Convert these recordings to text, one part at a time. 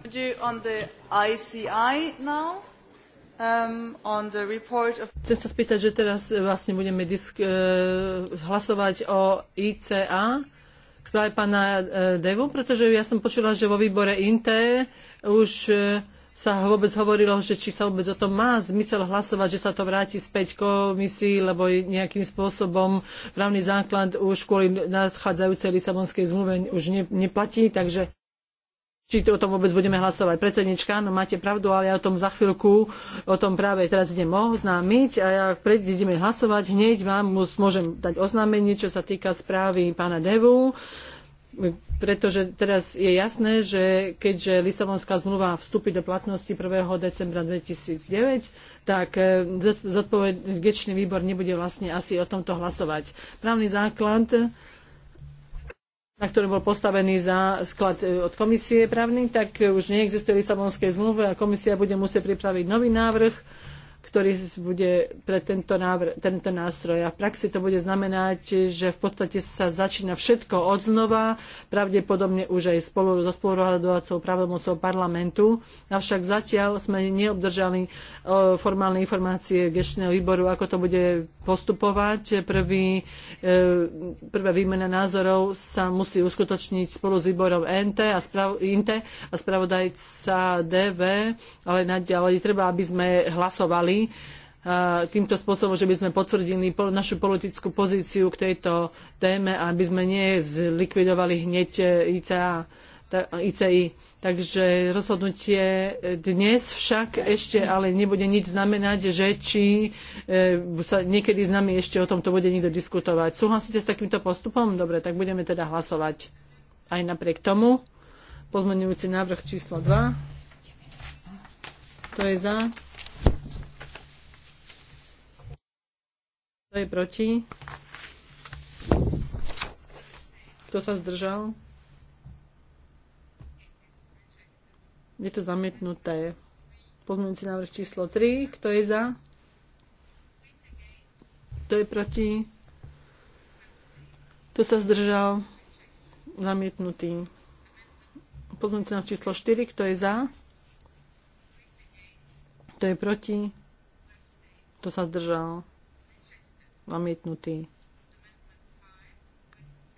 Um, Chcem sa spýtať, že teraz eh, vlastne budeme disk, eh, hlasovať o ICA správe pána eh, Devu, pretože ja som počula, že vo výbore INTE už sa vôbec hovorilo, že či sa vôbec o tom má zmysel hlasovať, že sa to vráti späť komisii, lebo nejakým spôsobom právny základ už kvôli nadchádzajúcej Lisabonskej zmluve už ne, neplatí, takže či to o tom vôbec budeme hlasovať. Predsednička, no máte pravdu, ale ja o tom za chvíľku, o tom práve teraz idem oznámiť a ja ideme hlasovať, hneď vám môžem dať oznámenie, čo sa týka správy pána Devu, pretože teraz je jasné, že keďže Lisabonská zmluva vstúpi do platnosti 1. decembra 2009, tak e, zodpovedný výbor nebude vlastne asi o tomto hlasovať. Právny základ na ktorom bol postavený za sklad e, od komisie právny, tak už neexistuje Lisabonské zmluvy a komisia bude musieť pripraviť nový návrh ktorý bude pre tento, návr- tento nástroj. A v praxi to bude znamenať, že v podstate sa začína všetko od znova, pravdepodobne už aj spolu so spoluhľadovacou právomocou parlamentu. Avšak zatiaľ sme neobdržali o, formálne informácie gešného výboru, ako to bude postupovať. Prvý, e, prvá výmena názorov sa musí uskutočniť spolu s výborom NT a sprav- INTE a spravodajca DV, ale naďalej treba, aby sme hlasovali vyjadrili e, týmto spôsobom, že by sme potvrdili našu politickú pozíciu k tejto téme, aby sme nie zlikvidovali hneď e, ICA. ICI. Takže rozhodnutie dnes však ešte ale nebude nič znamenať, že či e, sa niekedy s nami ešte o tomto bude niekto diskutovať. Súhlasíte s takýmto postupom? Dobre, tak budeme teda hlasovať aj napriek tomu. Pozmenujúci návrh číslo 2. To je za. Kto je proti? Kto sa zdržal? Je to zamietnuté. Pozmeňujúci návrh číslo 3. Kto je za? Kto je proti? Kto sa zdržal? Zamietnutý. Pozmeňujúci návrh číslo 4. Kto je za? Kto je proti? Kto sa zdržal? Zamietnutý.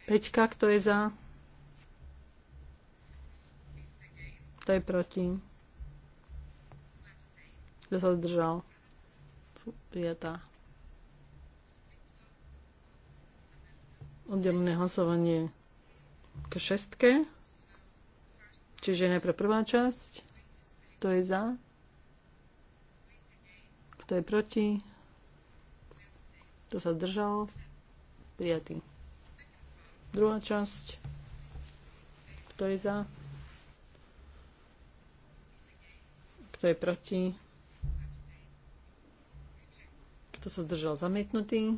Peťka, kto je za? Kto je proti? Kto sa zdržal? Prijatá. Oddelené hlasovanie k šestke. Čiže najprv prvá časť. Kto je za? Kto je proti? Kto sa zdržal? Prijatý. Druhá časť. Kto je za? Kto je proti? Kto sa zdržal? Zamietnutý.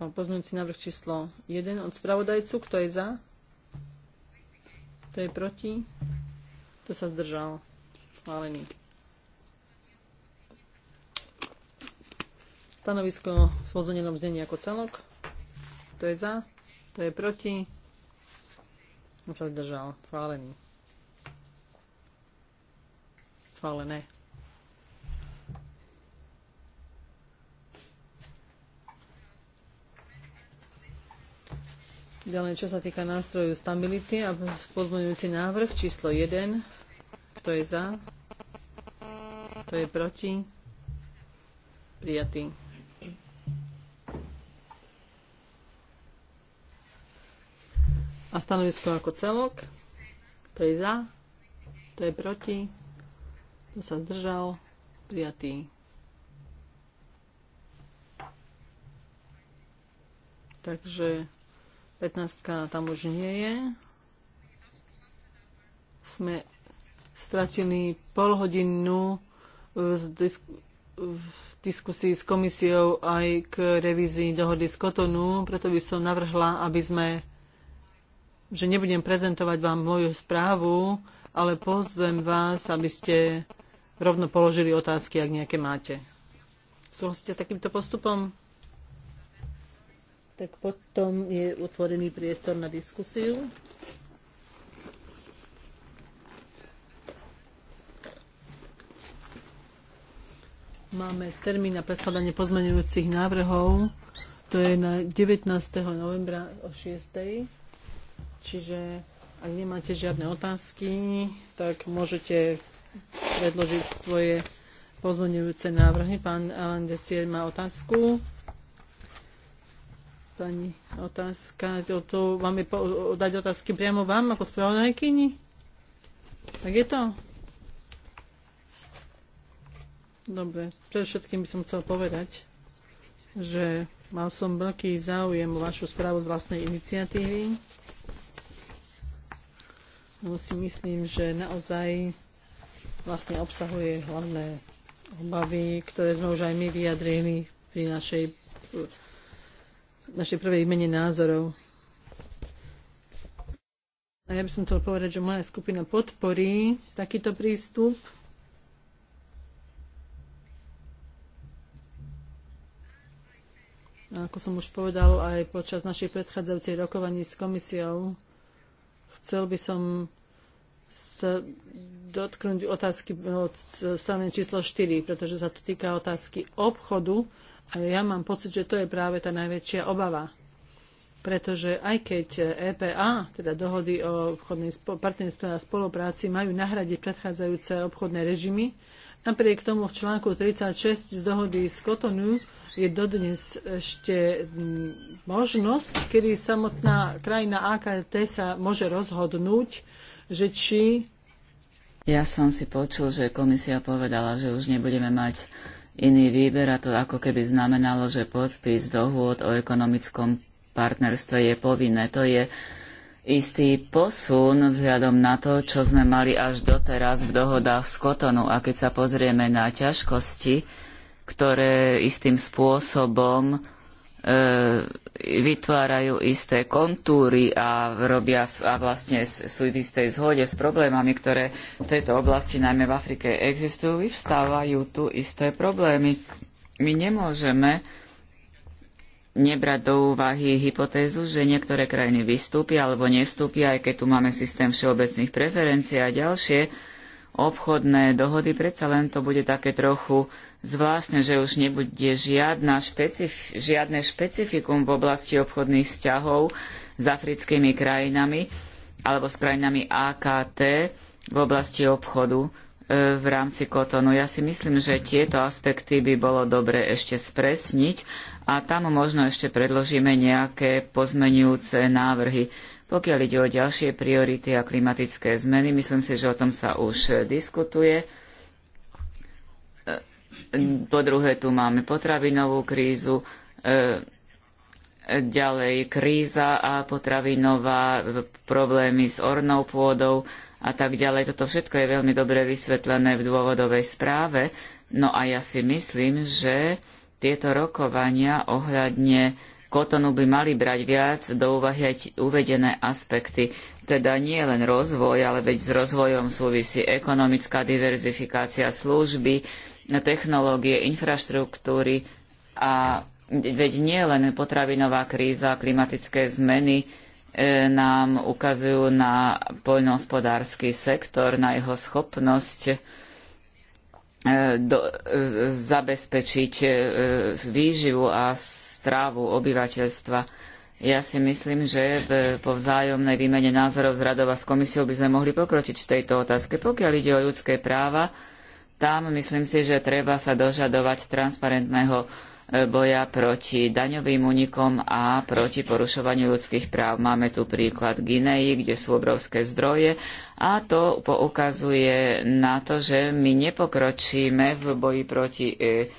Pozmeňujúci návrh číslo 1 od spravodajcu. Kto je za? Kto je proti? Kto sa zdržal? Chválený. Stanovisko v pozvonenom znení ako celok. Kto je za? Kto je proti? To sa zdržal? Schválený. Chválené. Ďalej, čo sa týka nástrojov stability a pozmeňujúci návrh číslo 1, kto je za? Kto je proti? Prijatý. A stanovisko ako celok. Kto je za? Kto je proti? Kto sa zdržal? Prijatý. Takže 15 tam už nie je. Sme stratený pol hodinu v, e, disk- v diskusii s komisiou aj k revízii dohody z Kotonu, preto by som navrhla, aby sme, že nebudem prezentovať vám moju správu, ale pozvem vás, aby ste rovno položili otázky, ak nejaké máte. Súhlasíte s takýmto postupom? Tak potom je otvorený priestor na diskusiu. Máme termín na predkladanie pozmenujúcich návrhov. To je na 19. novembra o 6. Čiže ak nemáte žiadne otázky, tak môžete predložiť svoje pozmenujúce návrhy. Pán Alan Desier má otázku. Pani otázka, to, to máme po, dať otázky priamo vám ako spravodajkyni? Tak je to? Dobre, pre všetkým by som chcel povedať, že mal som veľký záujem o vašu správu z vlastnej iniciatívy. No si myslím, že naozaj vlastne obsahuje hlavné obavy, ktoré sme už aj my vyjadrili pri našej, našej prvej mene názorov. A ja by som chcel povedať, že moja skupina podporí takýto prístup Ako som už povedal aj počas našej predchádzajúcej rokovaní s komisiou, chcel by som sa dotknúť otázky od strany číslo 4, pretože sa to týka otázky obchodu a ja mám pocit, že to je práve tá najväčšia obava. Pretože aj keď EPA, teda dohody o obchodnej partnerstve a spolupráci, majú nahradiť predchádzajúce obchodné režimy, Napriek tomu v článku 36 z dohody z Kotonu je dodnes ešte možnosť, kedy samotná krajina AKT sa môže rozhodnúť, že či... Ja som si počul, že komisia povedala, že už nebudeme mať iný výber a to ako keby znamenalo, že podpis dohôd o ekonomickom partnerstve je povinné. To je istý posun vzhľadom na to, čo sme mali až doteraz v dohodách z Kotonu. A keď sa pozrieme na ťažkosti, ktoré istým spôsobom e, vytvárajú isté kontúry a, robia, a vlastne sú v istej zhode s problémami, ktoré v tejto oblasti, najmä v Afrike, existujú, vyvstávajú tu isté problémy. My nemôžeme nebrať do úvahy hypotézu, že niektoré krajiny vystúpia alebo nevstúpia, aj keď tu máme systém všeobecných preferencií a ďalšie obchodné dohody, predsa len to bude také trochu zvláštne, že už nebude žiadna špecif- žiadne špecifikum v oblasti obchodných vzťahov s africkými krajinami alebo s krajinami AKT v oblasti obchodu e, v rámci Kotonu. Ja si myslím, že tieto aspekty by bolo dobre ešte spresniť a tam možno ešte predložíme nejaké pozmenujúce návrhy. Pokiaľ ide o ďalšie priority a klimatické zmeny, myslím si, že o tom sa už diskutuje. Po druhé, tu máme potravinovú krízu, e, ďalej kríza a potravinová, e, problémy s ornou pôdou a tak ďalej. Toto všetko je veľmi dobre vysvetlené v dôvodovej správe. No a ja si myslím, že tieto rokovania ohľadne kotonu by mali brať viac do úvahy aj uvedené aspekty, teda nie len rozvoj, ale veď s rozvojom súvisí ekonomická diverzifikácia služby, technológie, infraštruktúry a veď nie len potravinová kríza, a klimatické zmeny e, nám ukazujú na poľnohospodársky sektor, na jeho schopnosť E, do, zabezpečiť e, výživu a strávu obyvateľstva. Ja si myslím, že v, po vzájomnej výmene názorov z Radova s komisiou by sme mohli pokročiť v tejto otázke. Pokiaľ ide o ľudské práva, tam myslím si, že treba sa dožadovať transparentného boja proti daňovým únikom a proti porušovaniu ľudských práv. Máme tu príklad Gineji, kde sú obrovské zdroje a to poukazuje na to, že my nepokročíme v boji proti e,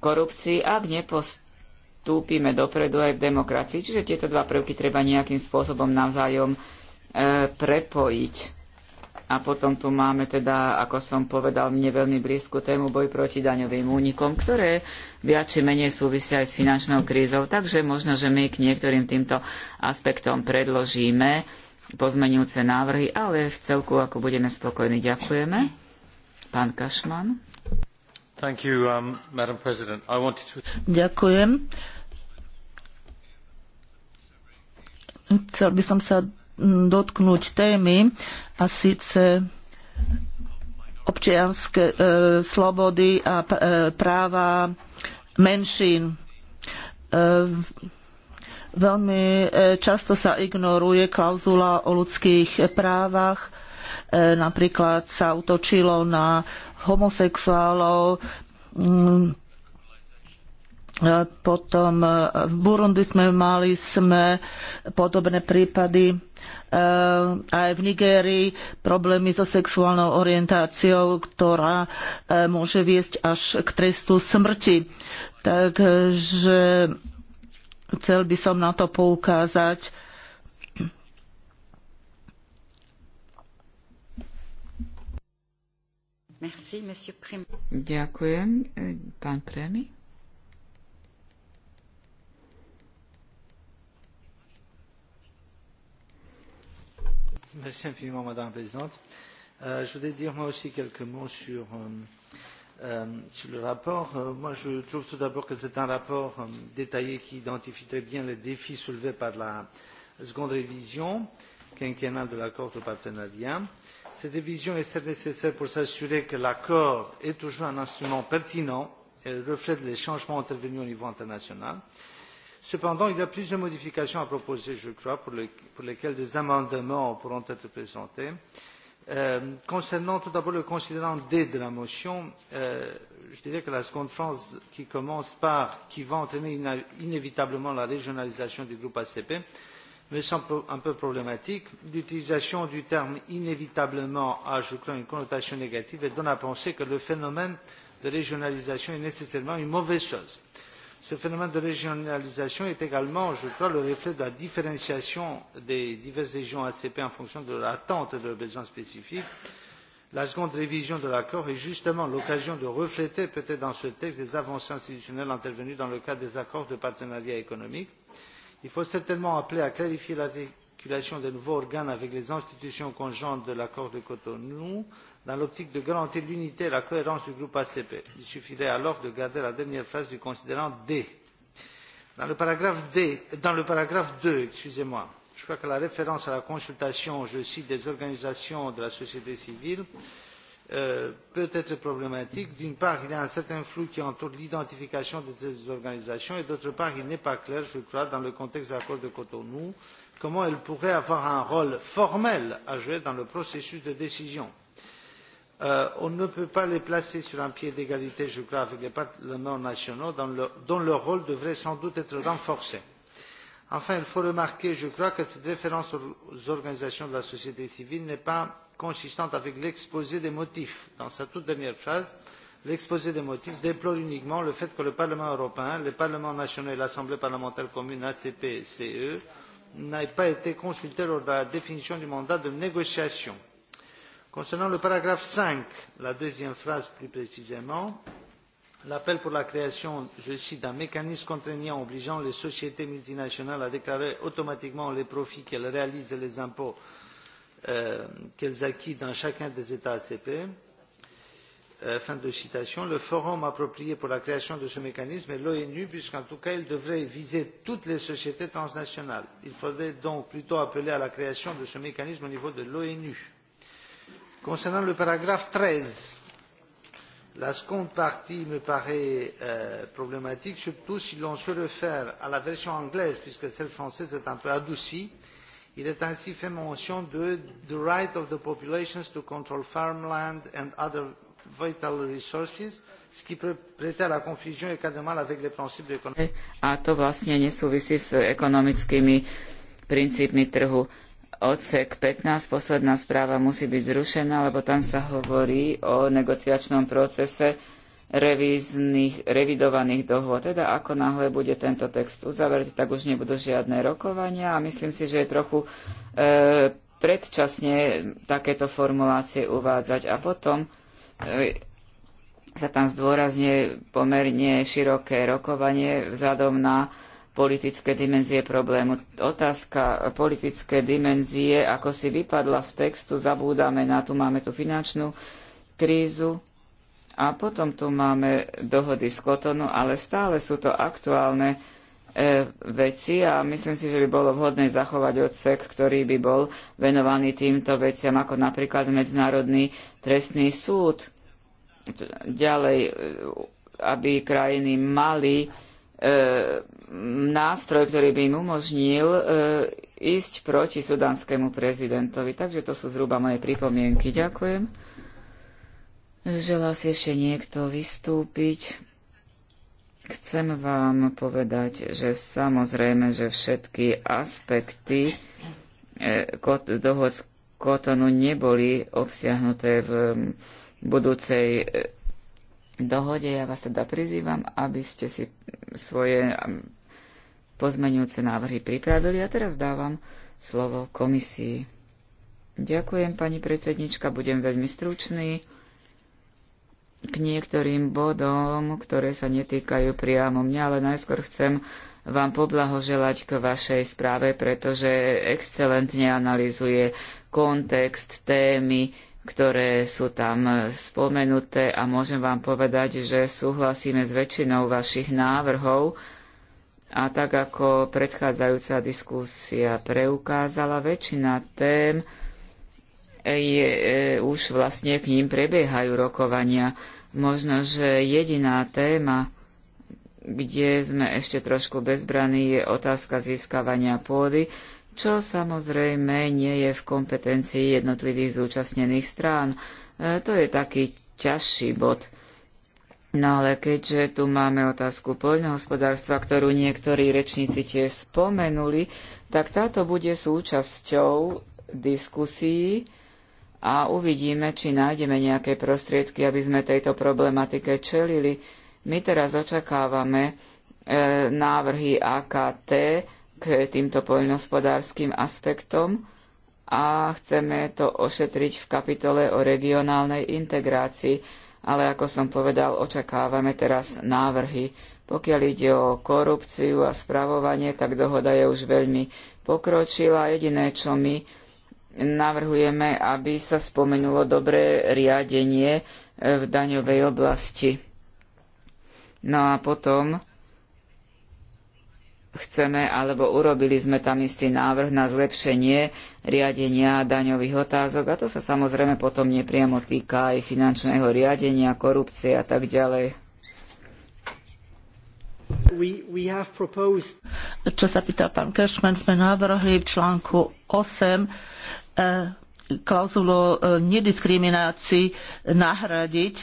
korupcii, ak nepostúpime dopredu aj v demokracii. Čiže tieto dva prvky treba nejakým spôsobom navzájom e, prepojiť. A potom tu máme teda, ako som povedal, mne veľmi blízku tému boj proti daňovým únikom, ktoré viac či menej súvisia aj s finančnou krízou. Takže možno, že my k niektorým týmto aspektom predložíme pozmenujúce návrhy, ale v celku, ako budeme spokojní, ďakujeme. Pán Kašman. You, um, to... Ďakujem. Chcel by som sa dotknúť témy a síce občianske e, slobody a e, práva menšín. E, veľmi e, často sa ignoruje klauzula o ľudských právach. E, napríklad sa utočilo na homosexuálov, mm, potom v Burundi sme mali sme podobné prípady Eh, aj v Nigérii problémy so sexuálnou orientáciou, ktorá eh, môže viesť až k trestu smrti. Takže chcel by som na to poukázať. Merci, Ďakujem. Pán Merci infiniment, Madame la Présidente. Euh, je voudrais dire moi aussi quelques mots sur, euh, euh, sur le rapport. Euh, moi, je trouve tout d'abord que c'est un rapport euh, détaillé qui identifie très bien les défis soulevés par la seconde révision quinquennale de l'accord de partenariat. Cette révision est celle nécessaire pour s'assurer que l'accord est toujours un instrument pertinent et reflète les changements intervenus au niveau international. Euh, Cependant, il y a plusieurs modifications à proposer, je crois, pour, lesquelles des amendements pourront être présentés. Euh, concernant tout d'abord le considérant D de la motion, euh, je dirais que la phrase qui commence par qui va entraîner inévitablement la régionalisation du groupe ACP me semble un peu problématique. L'utilisation du terme inévitablement a, je crois, une connotation négative et donne à penser que le phénomène de régionalisation est nécessairement une mauvaise chose. Ce phénomène de régionalisation est également, je crois, le reflet de la différenciation des diverses régions ACP en fonction de leur attente et de leurs besoins spécifiques. La seconde révision de l'accord est justement l'occasion de refléter peut-être dans ce texte les avancées institutionnelles intervenues dans le cadre des accords de partenariat économique. Il faut certainement appeler à clarifier l'article création d'un nouveau organe avec les institutions conjointes de l'accord de Cotonou, dans l'optique de garantir l'unité et la cohérence du groupe ACP. Il suffirait alors de garder la dernière phrase du considérant D. Dans le paragraphe, D, dans le paragraphe 2, excusez-moi, je crois que la référence à la consultation, je cite, des organisations de la société civile euh, peut être problématique. D'une part, il y a un certain flou qui entoure l'identification de ces organisations et d'autre part, il n'est pas clair, je crois, dans le contexte de l'accord de Cotonou, comment elle pourrait avoir un rôle formel à jouer dans le processus de décision. Euh, on ne peut pas les placer sur un pied d'égalité, je crois, avec les parlements nationaux, dont, le, dont leur rôle devrait sans doute être renforcé. Enfin, il faut remarquer, je crois, que cette référence aux organisations de la société civile n'est pas consistante avec l'exposé des motifs. Dans sa toute dernière phrase, l'exposé des motifs déplore uniquement le fait que le Parlement européen, les parlements nationaux et l'Assemblée parlementaire commune ACP et CE n'ait pas été consulté lors de la définition du mandat de négociation. Concernant le paragraphe cinq, la deuxième phrase plus précisément, l'appel pour la création, je cite, d'un mécanisme contraignant obligeant les sociétés multinationales à déclarer automatiquement les profits qu'elles réalisent et les impôts euh, qu'elles acquittent dans chacun des États ACP Euh, fin de citation. Le forum approprié pour la création de ce mécanisme est l'ONU, puisqu'en tout cas, il devrait viser toutes les sociétés transnationales. Il faudrait donc plutôt appeler à la création de ce mécanisme au niveau de l'ONU. Concernant le paragraphe treize, la seconde partie me paraît euh, problématique, surtout si l'on se réfère à la version anglaise, puisque celle française est un peu adoucie. Il est ainsi fait mention de the right of the populations to control farmland and other vital resources, qui peut prêter à la confusion avec les principes A to vlastne nesúvisí s ekonomickými princípmi trhu. Odsek 15, posledná správa musí byť zrušená, lebo tam sa hovorí o negociačnom procese revíznych, revidovaných dohôd. Teda ako náhle bude tento text uzavretý, tak už nebudú žiadne rokovania a myslím si, že je trochu e, predčasne takéto formulácie uvádzať. A potom E, sa tam zdôrazňuje pomerne široké rokovanie vzhľadom na politické dimenzie problému. Otázka politické dimenzie, ako si vypadla z textu, zabúdame na tu, máme tú finančnú krízu a potom tu máme dohody z Kotonu, ale stále sú to aktuálne e, veci a myslím si, že by bolo vhodné zachovať odsek, ktorý by bol venovaný týmto veciam, ako napríklad Medzinárodný trestný súd ďalej, e, aby krajiny mali e, nástroj, ktorý by im umožnil e, ísť proti sudanskému prezidentovi. Takže to sú zhruba moje pripomienky. Ďakujem. Želá si ešte niekto vystúpiť? Chcem vám povedať, že samozrejme, že všetky aspekty z dohod z Kotonu neboli obsiahnuté v budúcej e, dohode. Ja vás teda prizývam, aby ste si svoje e, pozmenujúce návrhy pripravili. A teraz dávam slovo komisii. Ďakujem, pani predsednička, budem veľmi stručný k niektorým bodom, ktoré sa netýkajú priamo mňa, ale najskôr chcem vám poblahoželať k vašej správe, pretože excelentne analizuje kontext, témy, ktoré sú tam e, spomenuté a môžem vám povedať, že súhlasíme s väčšinou vašich návrhov a tak ako predchádzajúca diskusia preukázala, väčšina tém je, e, už vlastne k ním prebiehajú rokovania. Možno, že jediná téma, kde sme ešte trošku bezbraní, je otázka získavania pôdy čo samozrejme nie je v kompetencii jednotlivých zúčastnených strán. E, to je taký ťažší bod. No ale keďže tu máme otázku poľnohospodárstva, ktorú niektorí rečníci tiež spomenuli, tak táto bude súčasťou diskusí a uvidíme, či nájdeme nejaké prostriedky, aby sme tejto problematike čelili. My teraz očakávame e, návrhy AKT k týmto poľnohospodárskym aspektom a chceme to ošetriť v kapitole o regionálnej integrácii, ale ako som povedal, očakávame teraz návrhy. Pokiaľ ide o korupciu a spravovanie, tak dohoda je už veľmi pokročila. Jediné, čo my navrhujeme, aby sa spomenulo dobré riadenie v daňovej oblasti. No a potom chceme alebo urobili sme tam istý návrh na zlepšenie riadenia daňových otázok a to sa samozrejme potom nepriamo týka aj finančného riadenia, korupcie a tak ďalej. Čo sa pýta pán Cashman, sme navrhli v článku 8 eh, klauzulu eh, nediskriminácii nahradiť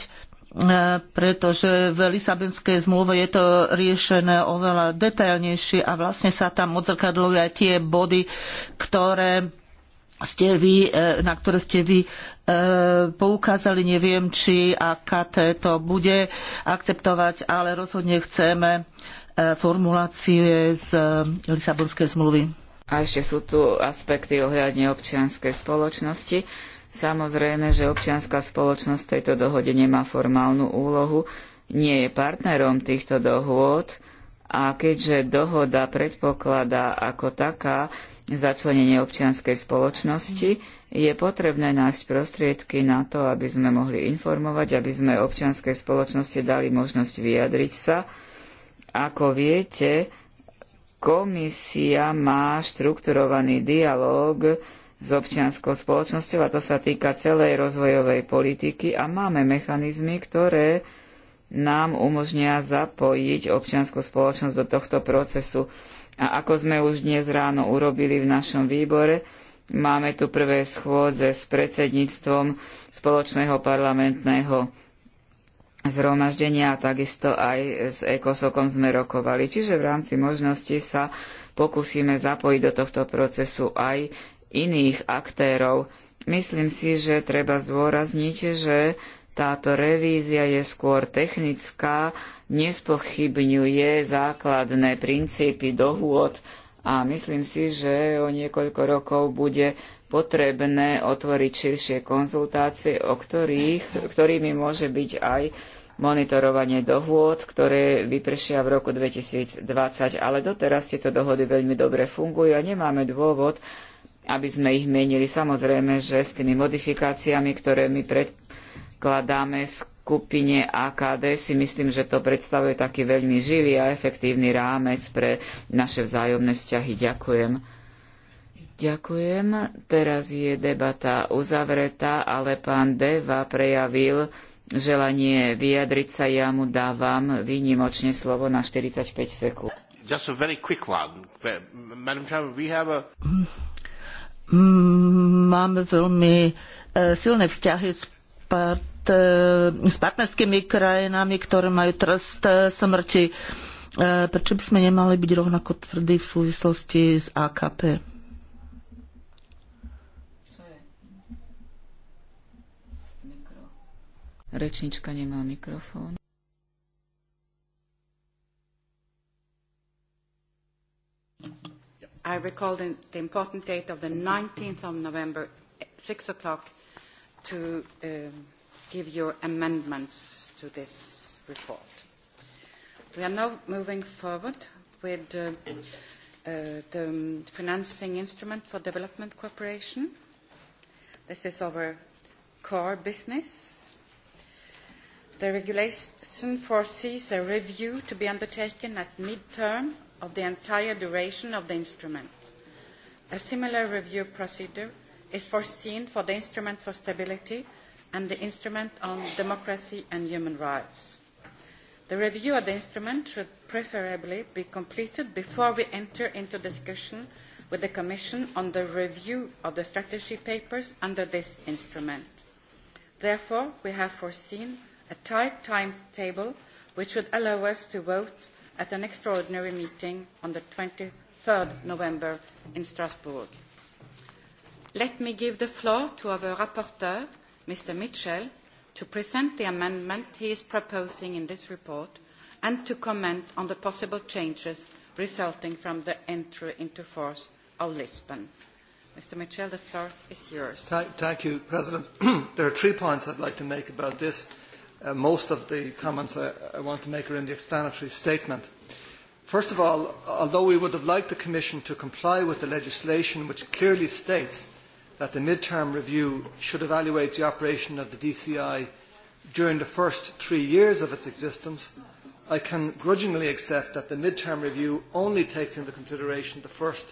E, pretože v Lisabonskej zmluve je to riešené oveľa detailnejšie a vlastne sa tam odzrkadľujú aj tie body, ktoré ste vy, e, na ktoré ste vy e, poukázali. Neviem, či AKT to bude akceptovať, ale rozhodne chceme formulácie z Lisabonskej zmluvy. A ešte sú tu aspekty ohľadne občianskej spoločnosti Samozrejme, že občianská spoločnosť v tejto dohode nemá formálnu úlohu, nie je partnerom týchto dohôd a keďže dohoda predpokladá ako taká začlenenie občianskej spoločnosti, je potrebné nájsť prostriedky na to, aby sme mohli informovať, aby sme občianskej spoločnosti dali možnosť vyjadriť sa. Ako viete, komisia má štrukturovaný dialóg s občianskou spoločnosťou a to sa týka celej rozvojovej politiky a máme mechanizmy, ktoré nám umožnia zapojiť občiansku spoločnosť do tohto procesu. A ako sme už dnes ráno urobili v našom výbore, máme tu prvé schôdze s predsedníctvom spoločného parlamentného zhromaždenia a takisto aj s ECOSOKom sme rokovali. Čiže v rámci možnosti sa pokúsime zapojiť do tohto procesu aj iných aktérov. Myslím si, že treba zdôrazniť, že táto revízia je skôr technická, nespochybňuje základné princípy dohôd a myslím si, že o niekoľko rokov bude potrebné otvoriť širšie konzultácie, o ktorých, ktorými môže byť aj monitorovanie dohôd, ktoré vypršia v roku 2020. Ale doteraz tieto dohody veľmi dobre fungujú a nemáme dôvod aby sme ich menili. Samozrejme, že s tými modifikáciami, ktoré my predkladáme skupine AKD, si myslím, že to predstavuje taký veľmi živý a efektívny rámec pre naše vzájomné vzťahy. Ďakujem. Ďakujem. Teraz je debata uzavretá, ale pán Deva prejavil želanie vyjadriť sa. Ja mu dávam výnimočne slovo na 45 sekúnd. Just a very quick one. Madam Chairman, we have a... máme veľmi e, silné vzťahy s, part, e, s partnerskými krajinami, ktoré majú trest e, smrti. Prečo by sme nemali byť rovnako tvrdí v súvislosti s AKP? Rečnička nemá mikrofón. I recall the, the important date of the 19th of November, 6 o'clock, to um, give your amendments to this report. We are now moving forward with uh, uh, the um, financing instrument for development cooperation. This is our core business. The regulation foresees a review to be undertaken at mid-term of the entire duration of the instrument. A similar review procedure is foreseen for the Instrument for Stability and the Instrument on Democracy and Human Rights. The review of the instrument should preferably be completed before we enter into discussion with the Commission on the review of the strategy papers under this instrument. Therefore, we have foreseen a tight timetable which would allow us to vote at an extraordinary meeting on the 23rd November in Strasbourg. Let me give the floor to our rapporteur, Mr. Mitchell, to present the amendment he is proposing in this report and to comment on the possible changes resulting from the entry into force of Lisbon. Mr. Mitchell, the floor is yours. Thank, you, President. there are three points I'd like to make about this. Uh, most of the comments I, I want to make are in the explanatory statement. First of all, although we would have liked the Commission to comply with the legislation which clearly states that the mid-term review should evaluate the operation of the DCI during the first three years of its existence, I can grudgingly accept that the mid-term review only takes into consideration the first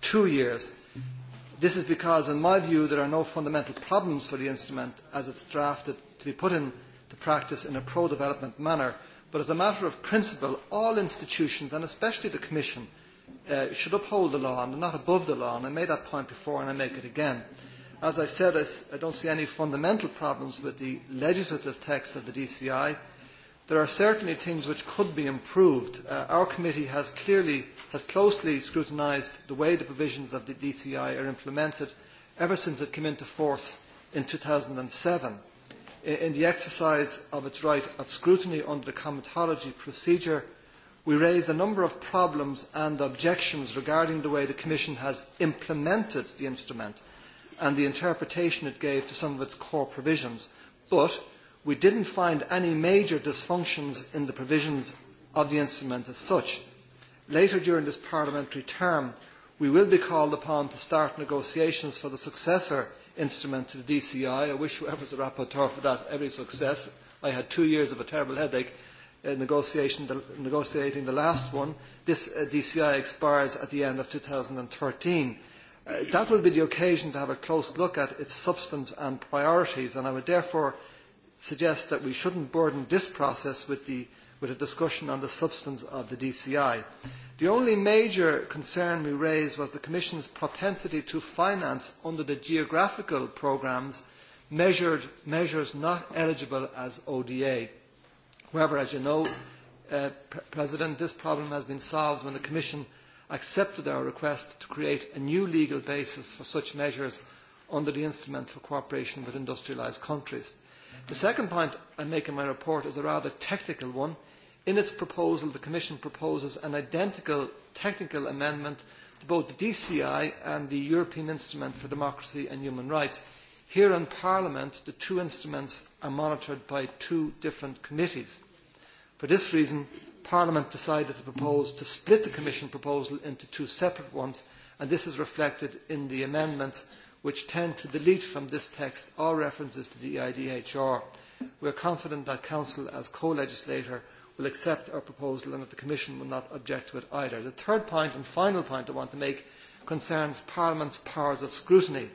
two years. This is because, in my view, there are no fundamental problems for the instrument as it is drafted to be put in the practice in a pro-development manner. But as a matter of principle, all institutions, and especially the Commission, uh, should uphold the law and not above the law. And I made that point before and I make it again. As I said, I, I don't see any fundamental problems with the legislative text of the DCI. There are certainly things which could be improved. Uh, our committee has clearly, has closely scrutinised the way the provisions of the DCI are implemented ever since it came into force in two thousand seven in the exercise of its right of scrutiny under the comitology procedure, we raised a number of problems and objections regarding the way the Commission has implemented the instrument and the interpretation it gave to some of its core provisions, but we did not find any major dysfunctions in the provisions of the instrument as such. Later during this parliamentary term, we will be called upon to start negotiations for the successor instrument to the DCI. I wish whoever is the rapporteur for that every success. I had two years of a terrible headache uh, negotiation the, negotiating the last one. This uh, DCI expires at the end of 2013. Uh, that will be the occasion to have a close look at its substance and priorities, and I would therefore suggest that we should not burden this process with, the, with a discussion on the substance of the DCI. The only major concern we raised was the Commission's propensity to finance under the geographical programmes measures not eligible as ODA. However, as you know, uh, President, this problem has been solved when the Commission accepted our request to create a new legal basis for such measures under the Instrument for Cooperation with Industrialised Countries. The second point I make in my report is a rather technical one. In its proposal, the Commission proposes an identical technical amendment to both the DCI and the European Instrument for Democracy and Human Rights. Here in Parliament, the two instruments are monitored by two different committees. For this reason, Parliament decided to propose to split the Commission proposal into two separate ones, and this is reflected in the amendments which tend to delete from this text all references to the EIDHR. We are confident that Council, as co-legislator, will accept our proposal and that the Commission will not object to it either. The third point and final point I want to make concerns Parliament's powers of scrutiny.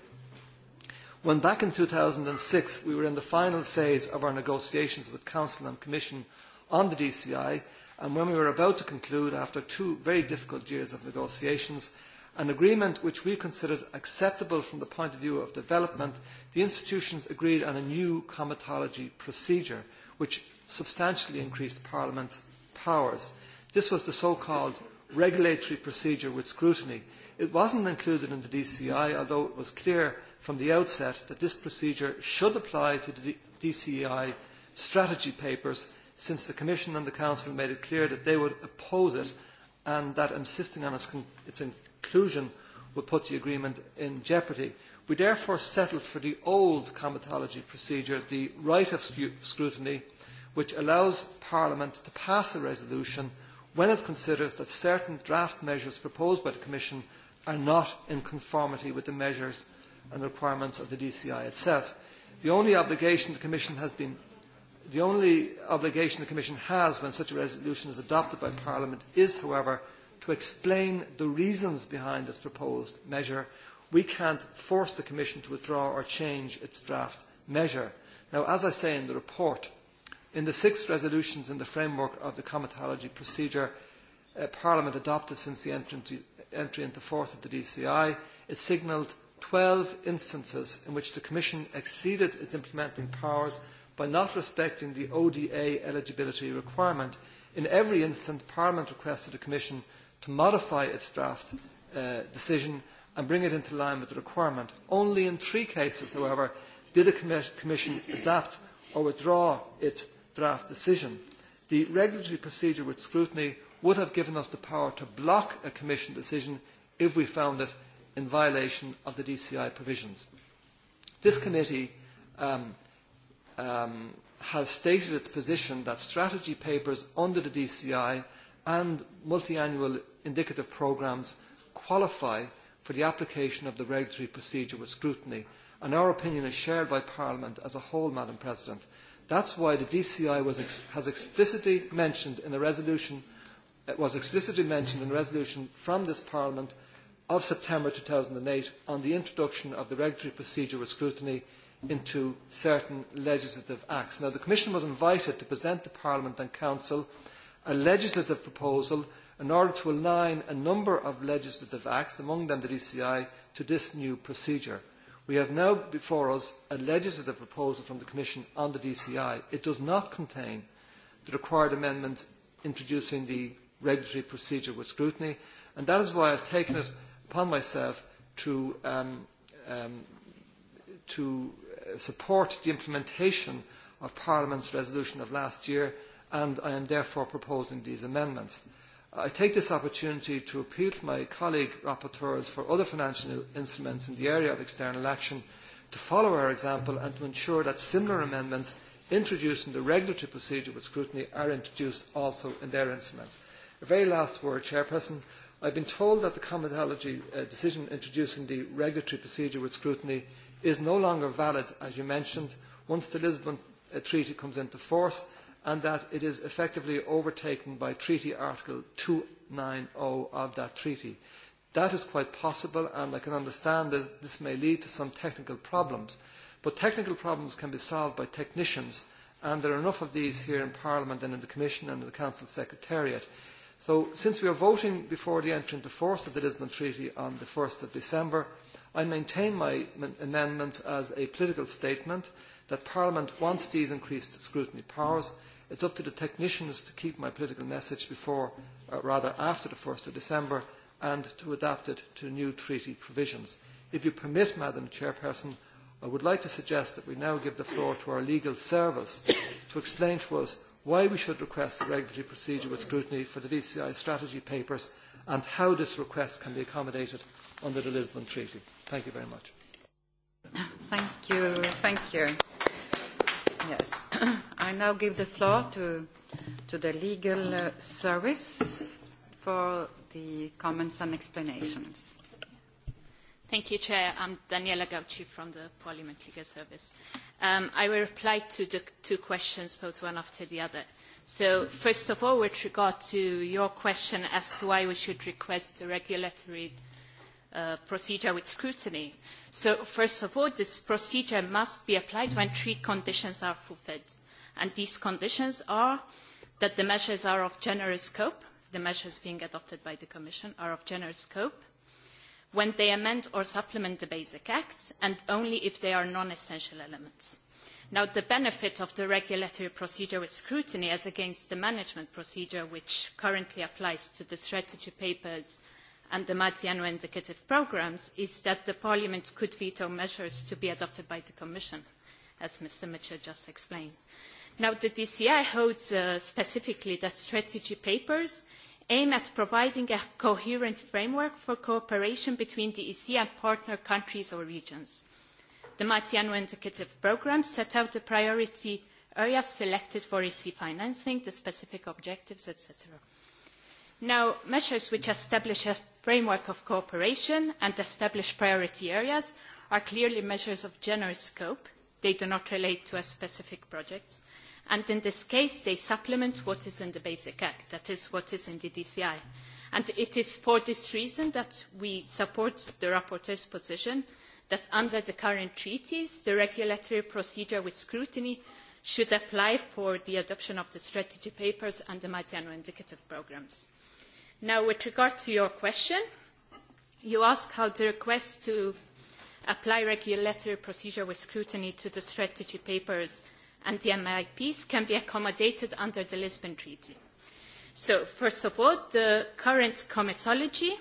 When back in two thousand six we were in the final phase of our negotiations with Council and Commission on the DCI, and when we were about to conclude after two very difficult years of negotiations, an agreement which we considered acceptable from the point of view of development, the institutions agreed on a new comitology procedure which substantially increased Parliament's powers. This was the so-called regulatory procedure with scrutiny. It was not included in the DCI, although it was clear from the outset that this procedure should apply to the DCI strategy papers, since the Commission and the Council made it clear that they would oppose it and that insisting on its, its inclusion would put the agreement in jeopardy. We therefore settled for the old comitology procedure, the right of scrutiny, which allows Parliament to pass a resolution when it considers that certain draft measures proposed by the Commission are not in conformity with the measures and requirements of the DCI itself. The only obligation the Commission has been the only obligation the Commission has when such a resolution is adopted by Parliament is, however, to explain the reasons behind its proposed measure. We cannot force the Commission to withdraw or change its draft measure. Now, as I say in the report, In the six resolutions in the framework of the comitology procedure uh, Parliament adopted since the entry, entry into force of the DCI, it signalled twelve instances in which the Commission exceeded its implementing powers by not respecting the ODA eligibility requirement. In every instance, Parliament requested the Commission to modify its draft uh, decision and bring it into line with the requirement. Only in three cases, however, did the Commission adapt or withdraw its draft decision, the regulatory procedure with scrutiny would have given us the power to block a Commission decision if we found it in violation of the DCI provisions. This committee um, um, has stated its position that strategy papers under the DCI and multiannual indicative programmes qualify for the application of the regulatory procedure with scrutiny, and our opinion is shared by Parliament as a whole, Madam President. That is why the DCI was ex has explicitly mentioned in a resolution, it was explicitly mentioned in a resolution from this Parliament of September two thousand eight on the introduction of the regulatory procedure with scrutiny into certain legislative acts. Now, the Commission was invited to present to Parliament and Council a legislative proposal in order to align a number of legislative acts, among them the DCI, to this new procedure. We have now before us a legislative proposal from the Commission on the DCI. It does not contain the required amendment introducing the regulatory procedure with scrutiny, and that is why I have taken it upon myself to, um, um, to uh, support the implementation of Parliament's resolution of last year, and I am therefore proposing these amendments. I take this opportunity to appeal to my colleague rapporteurs for other financial instruments in the area of external action to follow our example and to ensure that similar amendments introduced in the regulatory procedure with scrutiny are introduced also in their instruments. A very last word, Chairperson. I have been told that the comitology uh, decision introducing the regulatory procedure with scrutiny is no longer valid, as you mentioned, once the Lisbon uh, Treaty comes into force and that it is effectively overtaken by Treaty Article two hundred and ninety oh of that treaty. That is quite possible, and I can understand that this may lead to some technical problems. But technical problems can be solved by technicians, and there are enough of these here in Parliament and in the Commission and in the Council Secretariat. So, since we are voting before the entry into force of the Lisbon Treaty on the 1st of December, I maintain my amendments as a political statement that Parliament wants these increased scrutiny powers It's up to the technicians to keep my political message before, uh, rather after the 1st of December and to adapt it to new treaty provisions. If you permit, Madam Chairperson, I would like to suggest that we now give the floor to our legal service to explain to us why we should request a regulatory procedure with scrutiny for the DCI strategy papers and how this request can be accommodated under the Lisbon Treaty. Thank you very much. Thank you. Thank you. Yes. I now give the floor to, to the legal uh, service for the comments and explanations. Thank you, Chair. I'm Daniela Gauci from the Parliament Legal Service. Um, I will reply to the two questions, both one after the other. So first of all, with regard to your question as to why we should request the regulatory uh, Uh, procedure with scrutiny. So first of all, this procedure must be applied when three conditions are fulfilled. And these conditions are that the measures are of general scope, the measures being adopted by the Commission are of general scope, when they amend or supplement the Basic Act, and only if they are non-essential elements. Now, the benefit of the regulatory procedure with scrutiny as against the management procedure, which currently applies to the strategy papers and the multiannual indicative programmes is that the Parliament could veto measures to be adopted by the Commission, as Mr. Mitchell just explained. Now, the DCI holds uh, specifically that strategy papers aim at providing a coherent framework for cooperation between the EC and partner countries or regions. The multiannual indicative programme set out the priority areas selected for EC financing, the specific objectives, etc. Now, measures which establish a framework of cooperation and establish priority areas are clearly measures of general scope. They do not relate to specific projects. And in this case, they supplement what is in the Basic Act, that is, what is in the DCI. And it is for this reason that we support the rapporteur's position that under the current treaties, the regulatory procedure with scrutiny should apply for the adoption of the strategy papers and the multiannual indicative programmes. Now, with regard to your question, you ask how the request to apply regulatory procedure with scrutiny to the strategy papers and the MIPs can be accommodated under the Lisbon Treaty. So, first of all, the current comitology,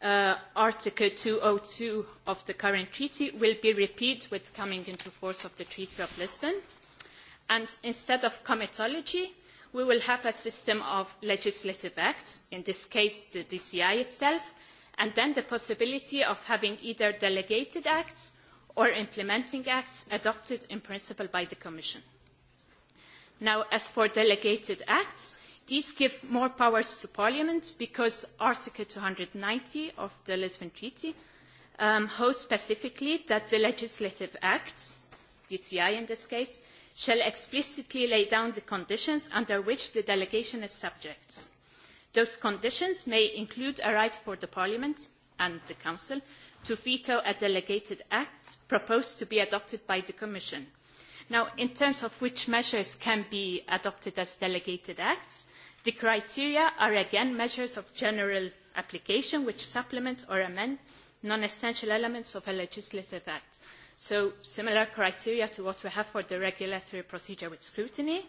uh, Article two hundred oh and two of the current treaty, will be repeated with coming into force of the Treaty of Lisbon. And instead of comitology, we will have a system of legislative acts, in this case the DCI itself, and then the possibility of having either delegated acts or implementing acts adopted in principle by the Commission. Now, as for delegated acts, these give more powers to Parliament because Article two hundred and ninety of the Lisbon Treaty um, holds specifically that the legislative acts, DCI in this case, shall explicitly lay down the conditions under which the delegation is subject. Those conditions may include a right for the Parliament and the Council to veto a delegated act proposed to be adopted by the Commission. Now, in terms of which measures can be adopted as delegated acts, the criteria are again measures of general application which supplement or amend non-essential elements of a legislative act. So similar criteria to what we have for the regulatory procedure with scrutiny.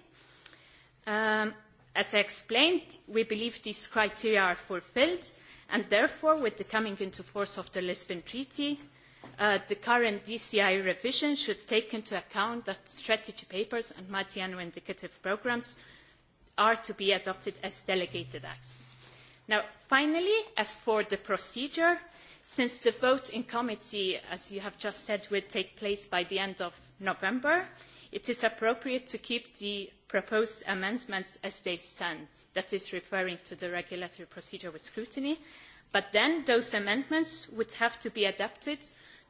Um, as I explained, we believe these criteria are fulfilled, and therefore, with the coming into force of the Lisbon Treaty, uh, the current DCI revision should take into account that strategy papers and multi-annual indicative programmes are to be adopted as delegated acts. Now, finally, as for the procedure, Since the vote in committee, as you have just said, will take place by the end of November, it is appropriate to keep the proposed amendments as they stand, that is referring to the regulatory procedure with scrutiny, but then those amendments would have to be adapted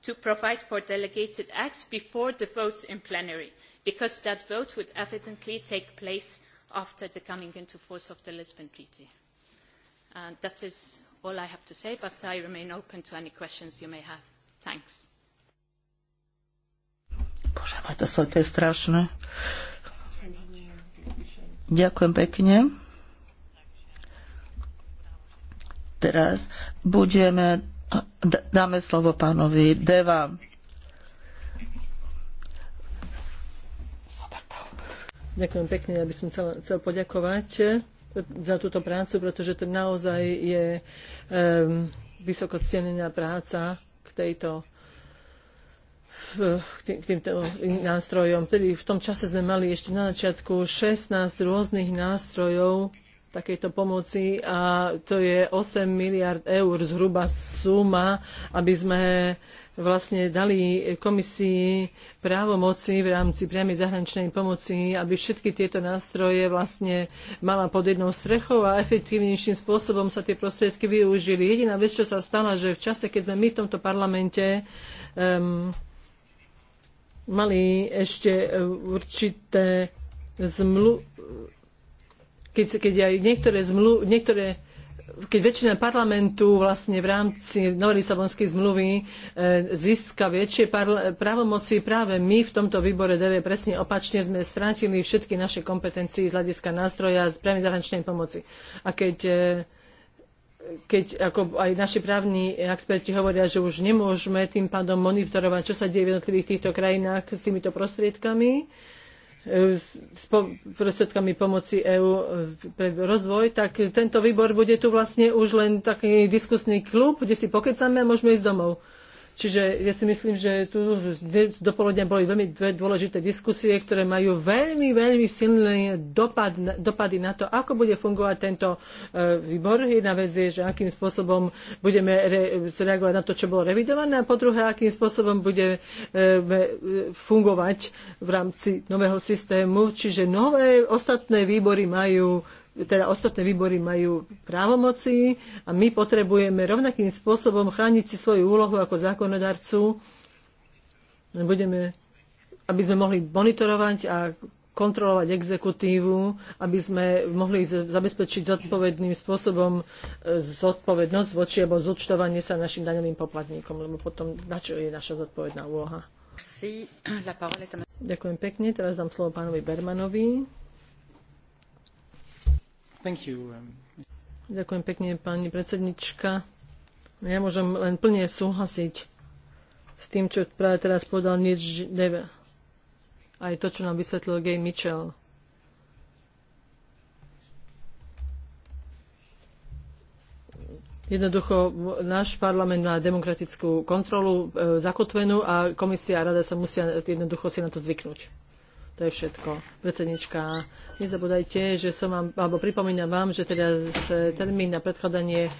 to provide for delegated acts before the vote in plenary, because that vote would evidently take place after the coming into force of the Lisbon Treaty. Uh, that is all I have to say, but I remain open to any questions you may have. Thanks. Bože, ma to sú tie strašné. Ďakujem pekne. Teraz budeme, dáme slovo pánovi Deva. Ďakujem pekne, aby som chcel, chcel poďakovať za túto prácu, pretože to naozaj je um, vysoko ctenená práca k tejto k, tým, k týmto nástrojom. Tedy v tom čase sme mali ešte na začiatku 16 rôznych nástrojov takejto pomoci a to je 8 miliard eur zhruba suma, aby sme vlastne dali komisii právomoci v rámci priamej zahraničnej pomoci, aby všetky tieto nástroje vlastne mala pod jednou strechou a efektívnejším spôsobom sa tie prostriedky využili. Jediná vec, čo sa stala, že v čase, keď sme my v tomto parlamente um, mali ešte e, určité zmlu... Keď, keď aj niektoré, zmlu... niektoré keď väčšina parlamentu vlastne v rámci Novej Lisabonskej zmluvy e, získa väčšie právomoci, práve my v tomto výbore DV presne opačne sme strátili všetky naše kompetencie z hľadiska nástroja z priamej zahraničnej pomoci. A keď e, keď ako aj naši právni experti hovoria, že už nemôžeme tým pádom monitorovať, čo sa deje v jednotlivých týchto krajinách s týmito prostriedkami, E, s prostriedkami pomoci EÚ e, pre rozvoj, tak tento výbor bude tu vlastne už len taký diskusný klub, kde si pokecáme a môžeme ísť domov. Čiže ja si myslím, že tu dnes dopoludne boli veľmi dve dôležité diskusie, ktoré majú veľmi, veľmi silné dopad, dopady na to, ako bude fungovať tento e, výbor. Jedna vec je, že akým spôsobom budeme reagovať na to, čo bolo revidované a po druhé, akým spôsobom bude e, fungovať v rámci nového systému. Čiže nové ostatné výbory majú teda ostatné výbory majú právomoci a my potrebujeme rovnakým spôsobom chrániť si svoju úlohu ako zákonodarcu. Budeme, aby sme mohli monitorovať a kontrolovať exekutívu, aby sme mohli zabezpečiť zodpovedným spôsobom e, zodpovednosť voči alebo zúčtovanie sa našim daňovým poplatníkom, lebo potom na čo je naša zodpovedná úloha. Ďakujem pekne. Teraz dám slovo pánovi Bermanovi. Um, Ďakujem pekne, pani predsednička. Ja môžem len plne súhlasiť s tým, čo práve teraz povedal Nirž Deve. Aj to, čo nám vysvetlil Gay Mitchell. Jednoducho, náš parlament má demokratickú kontrolu e, zakotvenú a komisia a rada sa musia jednoducho si na to zvyknúť. To je všetko. Predsednička, nezabudajte, že som vám, alebo pripomínam vám, že teda termín na predkladanie e,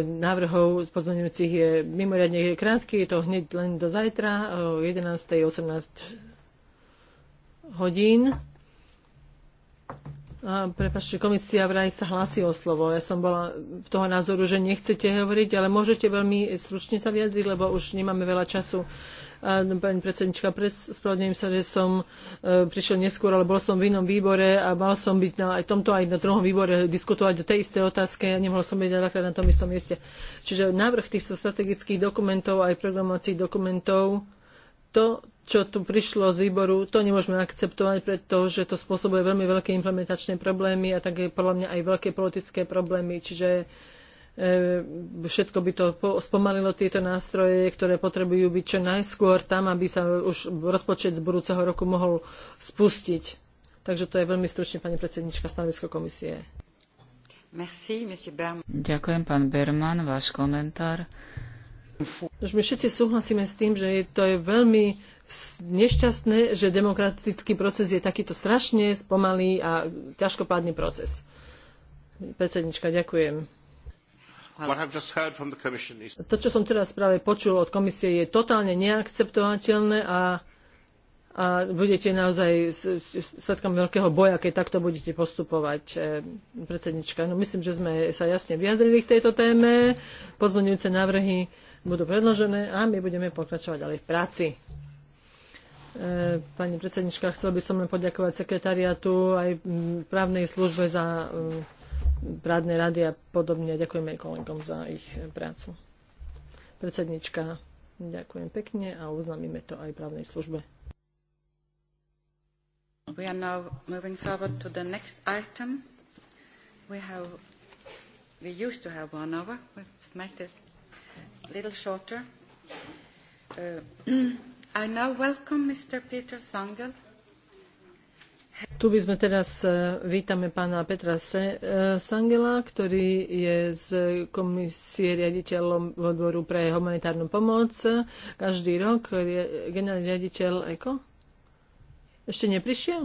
návrhov pozmeňujúcich je mimoriadne krátky, je to hneď len do zajtra o 11.18 hodín. Prepačte, komisia vraj sa hlási o slovo. Ja som bola toho názoru, že nechcete hovoriť, ale môžete veľmi stručne sa vyjadriť, lebo už nemáme veľa času. No, pani predsednička, spravodlivím sa, že som e, prišiel neskôr, ale bol som v inom výbore a mal som byť na aj tomto, aj na druhom výbore diskutovať o tej istej otázke a nemohol som byť dvakrát na tom istom mieste. Čiže návrh týchto strategických dokumentov aj programovacích dokumentov to, čo tu prišlo z výboru, to nemôžeme akceptovať, pretože to spôsobuje veľmi veľké implementačné problémy a také podľa mňa aj veľké politické problémy. Čiže E, všetko by to spomalilo tieto nástroje, ktoré potrebujú byť čo najskôr tam, aby sa už rozpočet z budúceho roku mohol spustiť. Takže to je veľmi stručne, pani predsednička, stanovisko komisie. Merci, Ďakujem, pán Berman, váš komentár. Už my všetci súhlasíme s tým, že to je veľmi nešťastné, že demokratický proces je takýto strašne spomalý a ťažkopádny proces. Predsednička, ďakujem. To, čo som teraz práve počul od komisie, je totálne neakceptovateľné a, a budete naozaj svetkom veľkého boja, keď takto budete postupovať, eh, predsednička. No, myslím, že sme sa jasne vyjadrili k tejto téme. Pozmeňujúce návrhy budú predložené a my budeme pokračovať ďalej v práci. Eh, pani predsednička, chcel by som len poďakovať sekretariatu aj právnej službe za právne rady a podobne. Ďakujem aj kolegom za ich prácu. Predsednička, ďakujem pekne a uznamíme to aj právnej službe. We are now moving forward to the next item. We have, we used to have one hour. We've made it a little shorter. Uh, I now welcome Mr. Peter Sangel tu by sme teraz e, vítame pána Petra e, Sangela, ktorý je z komisie riaditeľom odboru pre humanitárnu pomoc. Každý rok je generálny riaditeľ EKO. Ešte neprišiel?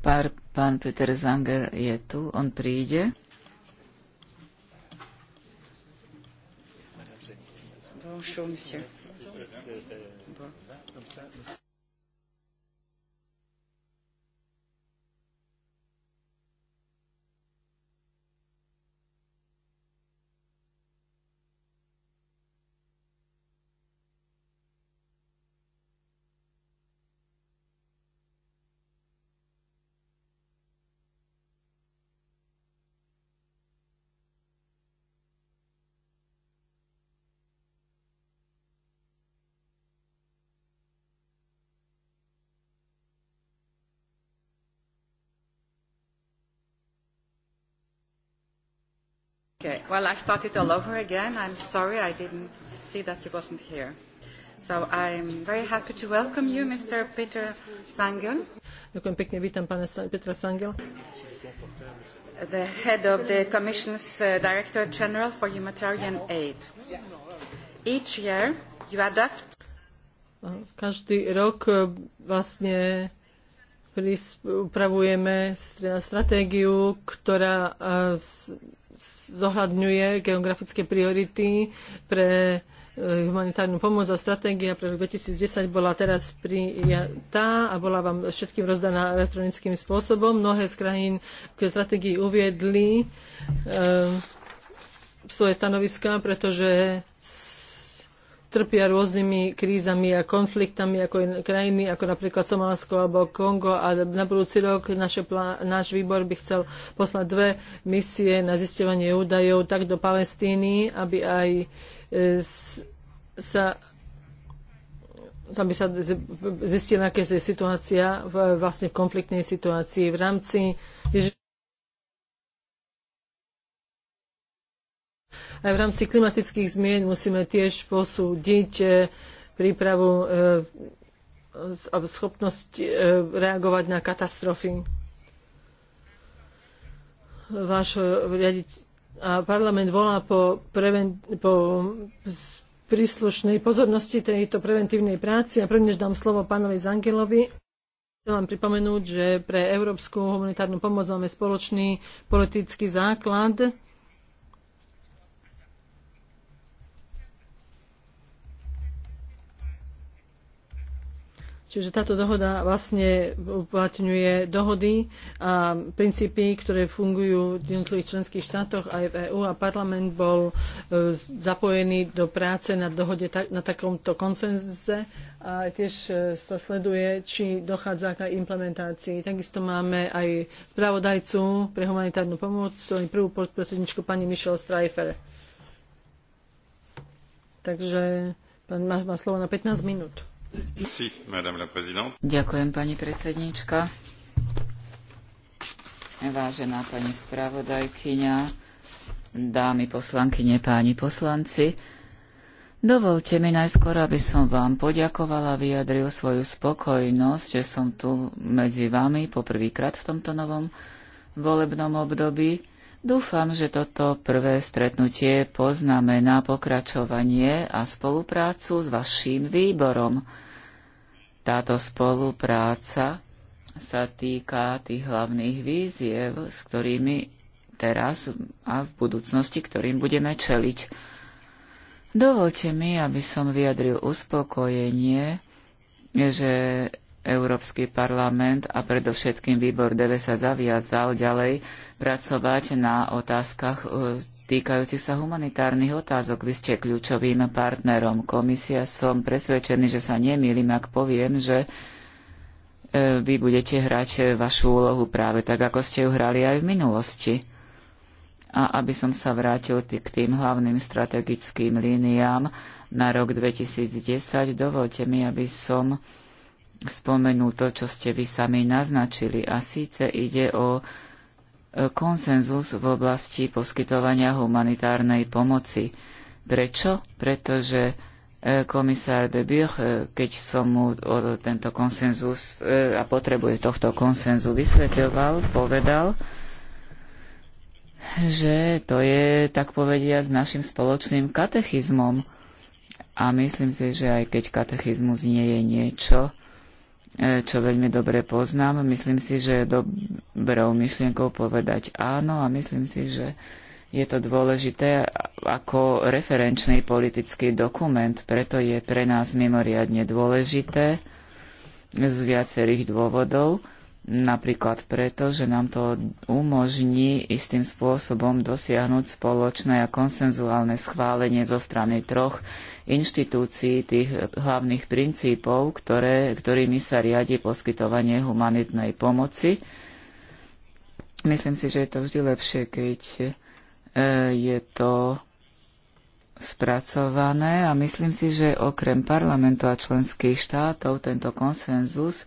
Pár, pán Peter Zangel je tu, on príde. Bonjour, monsieur. Okay, well, I started all over again. I'm sorry I didn't see that you wasn't here. So I'm very happy to welcome you, Mr. Peter Sangel. Ďakujem pekne, vítam pána Petra Sangel. The head of the Commission's uh, Director General for Humanitarian Aid. Each year you adapt... Každý rok uh, vlastne upravujeme stratégiu, ktorá uh, zohľadňuje geografické priority pre e, humanitárnu pomoc a stratégia pre rok 2010 bola teraz prijatá a bola vám všetkým rozdaná elektronickým spôsobom. Mnohé z krajín k stratégii uviedli e, svoje stanoviská, pretože trpia rôznymi krízami a konfliktami ako krajiny, ako napríklad Somálsko alebo Kongo a na budúci rok naše náš výbor by chcel poslať dve misie na zistovanie údajov tak do Palestíny, aby aj e, sa aby sa zistila, aká je situácia v, vlastne v konfliktnej situácii v rámci Aj v rámci klimatických zmien musíme tiež posúdiť e, prípravu e, a schopnosť e, reagovať na katastrofy. Váš a parlament volá po, preven, po príslušnej pozornosti tejto preventívnej práci. A prvne, dám slovo pánovi Zangelovi, Chcem vám pripomenúť, že pre európsku humanitárnu pomoc máme spoločný politický základ Čiže táto dohoda vlastne uplatňuje dohody a princípy, ktoré fungujú v jednotlivých členských štátoch aj v EÚ a parlament bol e, zapojený do práce na dohode na takomto konsenze a tiež e, sa sleduje, či dochádza k implementácii. Takisto máme aj spravodajcu pre humanitárnu pomoc, prvú podpredsedničku pani Michelle Streifer. Takže pán má slovo na 15 minút. Ďakujem, pani predsedníčka. Vážená pani spravodajkyňa, dámy poslankyne, páni poslanci, dovolte mi najskôr, aby som vám poďakovala a vyjadril svoju spokojnosť, že som tu medzi vami poprvýkrát v tomto novom volebnom období Dúfam, že toto prvé stretnutie poznamená pokračovanie a spoluprácu s vaším výborom. Táto spolupráca sa týka tých hlavných víziev, s ktorými teraz a v budúcnosti, ktorým budeme čeliť. Dovolte mi, aby som vyjadril uspokojenie, že Európsky parlament a predovšetkým výbor DV sa zaviazal ďalej pracovať na otázkach e, týkajúcich sa humanitárnych otázok. Vy ste kľúčovým partnerom komisia. Som presvedčený, že sa nemýlim, ak poviem, že e, vy budete hrať vašu úlohu práve tak, ako ste ju hrali aj v minulosti. A aby som sa vrátil k tým hlavným strategickým líniám na rok 2010, dovolte mi, aby som spomenú to, čo ste vy sami naznačili. A síce ide o e, konsenzus v oblasti poskytovania humanitárnej pomoci. Prečo? Pretože e, komisár de Buch, e, keď som mu tento konsenzus a potrebuje tohto konsenzu vysvetľoval, povedal, že to je, tak povediať, našim spoločným katechizmom. A myslím si, že aj keď katechizmus nie je niečo, čo veľmi dobre poznám. Myslím si, že je dobrou myšlienkou povedať áno a myslím si, že je to dôležité ako referenčný politický dokument, preto je pre nás mimoriadne dôležité z viacerých dôvodov Napríklad preto, že nám to umožní istým spôsobom dosiahnuť spoločné a konsenzuálne schválenie zo strany troch inštitúcií tých hlavných princípov, ktoré, ktorými sa riadi poskytovanie humanitnej pomoci. Myslím si, že je to vždy lepšie, keď e, je to spracované a myslím si, že okrem parlamentu a členských štátov tento konsenzus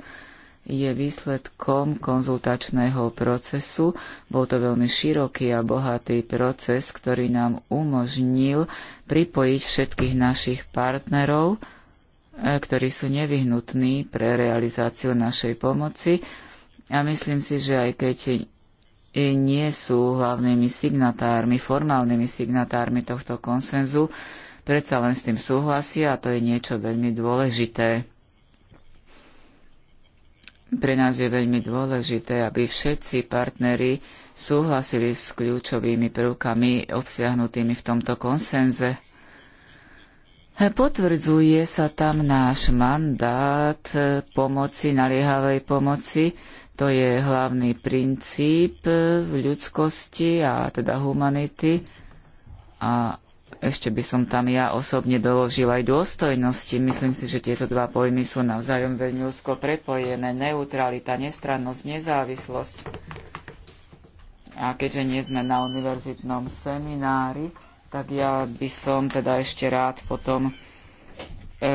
je výsledkom konzultačného procesu. Bol to veľmi široký a bohatý proces, ktorý nám umožnil pripojiť všetkých našich partnerov, e, ktorí sú nevyhnutní pre realizáciu našej pomoci. A myslím si, že aj keď nie sú hlavnými signatármi, formálnymi signatármi tohto konsenzu, predsa len s tým súhlasia a to je niečo veľmi dôležité. Pre nás je veľmi dôležité, aby všetci partneri súhlasili s kľúčovými prvkami obsiahnutými v tomto konsenze. Potvrdzuje sa tam náš mandát pomoci, naliehavej pomoci. To je hlavný princíp v ľudskosti a teda humanity. A ešte by som tam ja osobne doložil aj dôstojnosti. Myslím si, že tieto dva pojmy sú navzájom veľmi úzko prepojené. Neutralita, nestrannosť, nezávislosť. A keďže nie sme na univerzitnom seminári, tak ja by som teda ešte rád potom e, e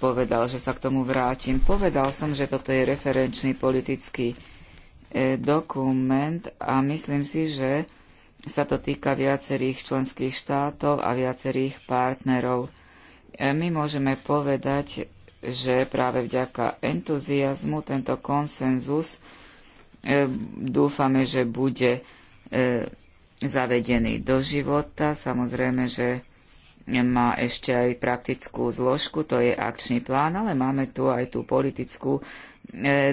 povedal, že sa k tomu vrátim. Povedal som, že toto je referenčný politický e, dokument a myslím si, že sa to týka viacerých členských štátov a viacerých partnerov. E, my môžeme povedať, že práve vďaka entuziasmu tento konsenzus e, dúfame, že bude e, zavedený do života. Samozrejme, že má ešte aj praktickú zložku, to je akčný plán, ale máme tu aj tú politickú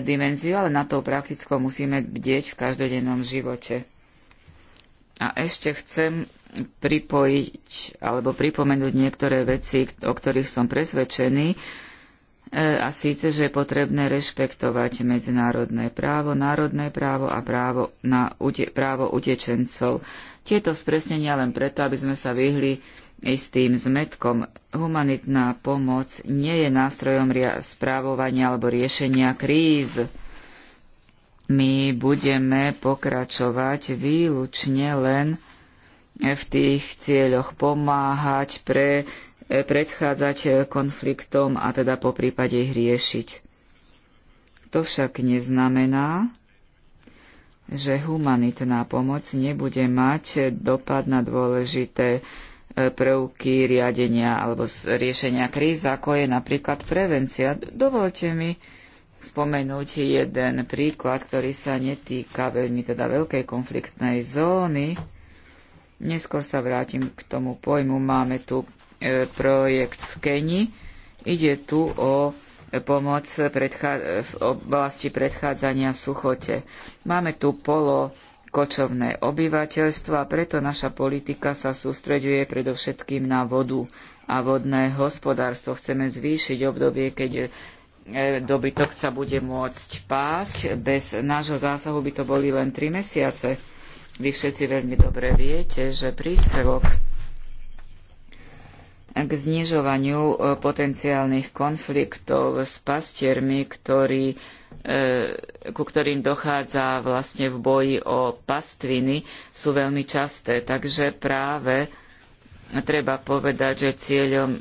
dimenziu, ale na tou praktickou musíme bdieť v každodennom živote. A ešte chcem pripojiť alebo pripomenúť niektoré veci, o ktorých som presvedčený, e, a síce, že je potrebné rešpektovať medzinárodné právo, národné právo a právo, na ute- právo utečencov. Tieto spresnenia len preto, aby sme sa vyhli istým zmetkom. Humanitná pomoc nie je nástrojom správovania alebo riešenia kríz my budeme pokračovať výlučne len v tých cieľoch pomáhať, pre, eh, predchádzať konfliktom a teda po prípade ich riešiť. To však neznamená, že humanitná pomoc nebude mať dopad na dôležité eh, prvky riadenia alebo riešenia kríz, ako je napríklad prevencia. Dovolte mi spomenúť jeden príklad, ktorý sa netýka veľmi teda veľkej konfliktnej zóny. Neskôr sa vrátim k tomu pojmu. Máme tu e, projekt v Keni. Ide tu o pomoc v oblasti predchádzania suchote. Máme tu polo kočovné obyvateľstvo a preto naša politika sa sústreďuje predovšetkým na vodu a vodné hospodárstvo. Chceme zvýšiť obdobie, keď E, dobytok sa bude môcť pásť. Bez nášho zásahu by to boli len 3 mesiace. Vy všetci veľmi dobre viete, že príspevok k znižovaniu e, potenciálnych konfliktov s pastiermi, ktorý, e, ku ktorým dochádza vlastne v boji o pastviny, sú veľmi časté. Takže práve treba povedať, že cieľom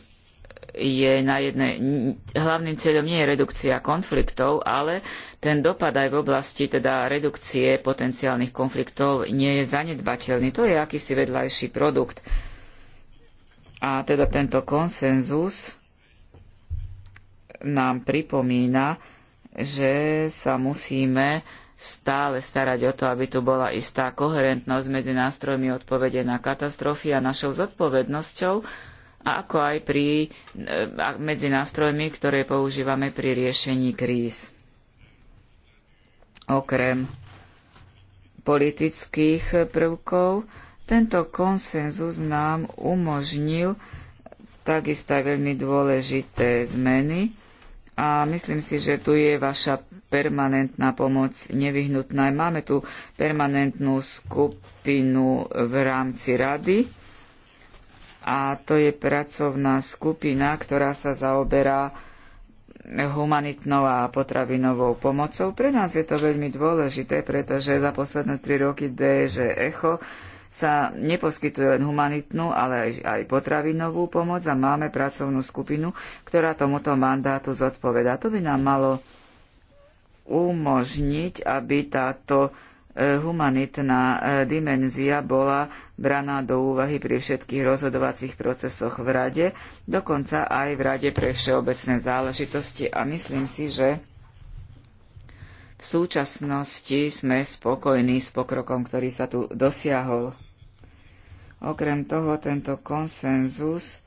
je na hlavným cieľom nie je redukcia konfliktov, ale ten dopad aj v oblasti teda redukcie potenciálnych konfliktov nie je zanedbateľný. To je akýsi vedľajší produkt. A teda tento konsenzus nám pripomína, že sa musíme stále starať o to, aby tu bola istá koherentnosť medzi nástrojmi odpovede na katastrofy a našou zodpovednosťou ako aj pri, e, medzi nástrojmi, ktoré používame pri riešení kríz. Okrem politických prvkov, tento konsenzus nám umožnil takisto aj veľmi dôležité zmeny a myslím si, že tu je vaša permanentná pomoc nevyhnutná. Máme tu permanentnú skupinu v rámci rady, a to je pracovná skupina, ktorá sa zaoberá humanitnou a potravinovou pomocou. Pre nás je to veľmi dôležité, pretože za posledné tri roky DŽ ECHO sa neposkytuje len humanitnú, ale aj, aj potravinovú pomoc a máme pracovnú skupinu, ktorá tomuto mandátu zodpovedá. To by nám malo umožniť, aby táto humanitná e, dimenzia bola braná do úvahy pri všetkých rozhodovacích procesoch v Rade, dokonca aj v Rade pre všeobecné záležitosti a myslím si, že v súčasnosti sme spokojní s pokrokom, ktorý sa tu dosiahol. Okrem toho, tento konsenzus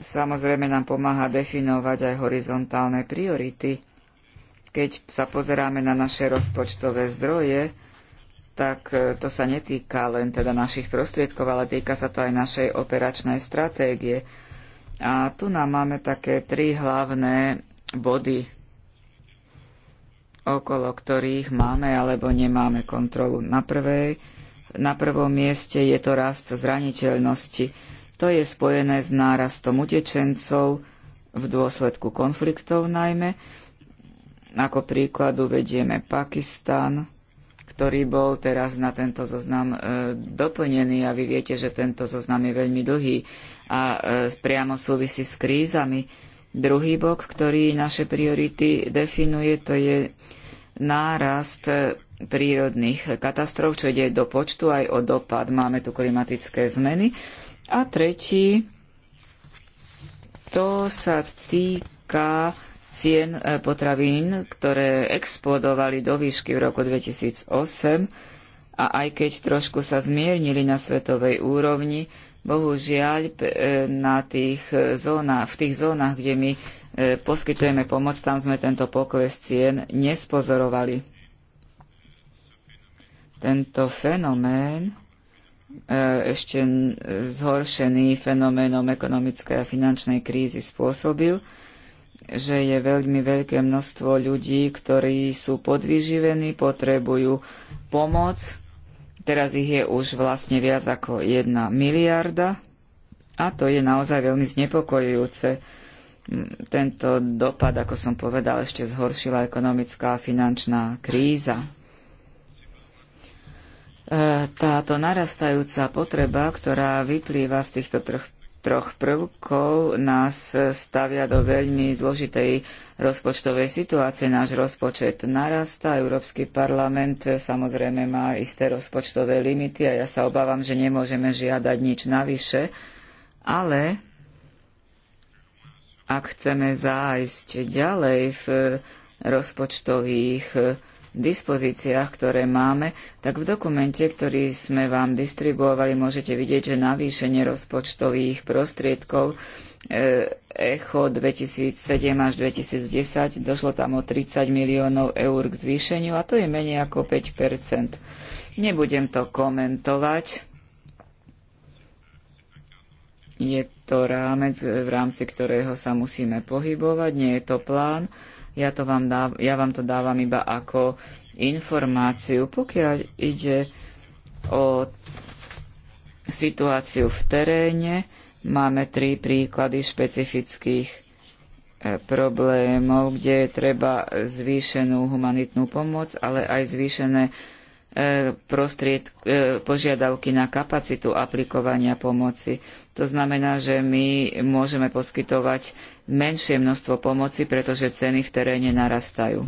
samozrejme nám pomáha definovať aj horizontálne priority. Keď sa pozeráme na naše rozpočtové zdroje, tak e, to sa netýka len teda našich prostriedkov, ale týka sa to aj našej operačnej stratégie. A tu nám máme také tri hlavné body, okolo ktorých máme alebo nemáme kontrolu. Na, prvej, na prvom mieste je to rast zraniteľnosti. To je spojené s nárastom utečencov v dôsledku konfliktov najmä. Ako príkladu vedieme Pakistan, ktorý bol teraz na tento zoznam e, doplnený a vy viete, že tento zoznam je veľmi dlhý a e, priamo súvisí s krízami. Druhý bok, ktorý naše priority definuje, to je nárast e, prírodných katastrof, čo ide do počtu aj o dopad. Máme tu klimatické zmeny. A tretí, to sa týka cien e, potravín, ktoré explodovali do výšky v roku 2008 a aj keď trošku sa zmiernili na svetovej úrovni, bohužiaľ e, na tých zónach, v tých zónach, kde my e, poskytujeme pomoc, tam sme tento pokles cien nespozorovali. Tento fenomén, ešte zhoršený fenoménom ekonomickej a finančnej krízy spôsobil, že je veľmi veľké množstvo ľudí, ktorí sú podvyživení, potrebujú pomoc. Teraz ich je už vlastne viac ako jedna miliarda a to je naozaj veľmi znepokojujúce. Tento dopad, ako som povedal, ešte zhoršila ekonomická a finančná kríza. E, táto narastajúca potreba, ktorá vyplýva z týchto troch troch prvkov nás stavia do veľmi zložitej rozpočtovej situácie. Náš rozpočet narastá, Európsky parlament samozrejme má isté rozpočtové limity a ja sa obávam, že nemôžeme žiadať nič navyše, ale ak chceme zájsť ďalej v rozpočtových dispozíciách, ktoré máme, tak v dokumente, ktorý sme vám distribuovali, môžete vidieť, že navýšenie rozpočtových prostriedkov e, ECHO 2007 až 2010 došlo tam o 30 miliónov eur k zvýšeniu a to je menej ako 5 Nebudem to komentovať. Je to rámec, v rámci ktorého sa musíme pohybovať, nie je to plán ja, to vám, dáv, ja vám to dávam iba ako informáciu. Pokiaľ ide o situáciu v teréne, máme tri príklady špecifických e, problémov, kde je treba zvýšenú humanitnú pomoc, ale aj zvýšené E, prostried, e, požiadavky na kapacitu aplikovania pomoci. To znamená, že my môžeme poskytovať menšie množstvo pomoci, pretože ceny v teréne narastajú.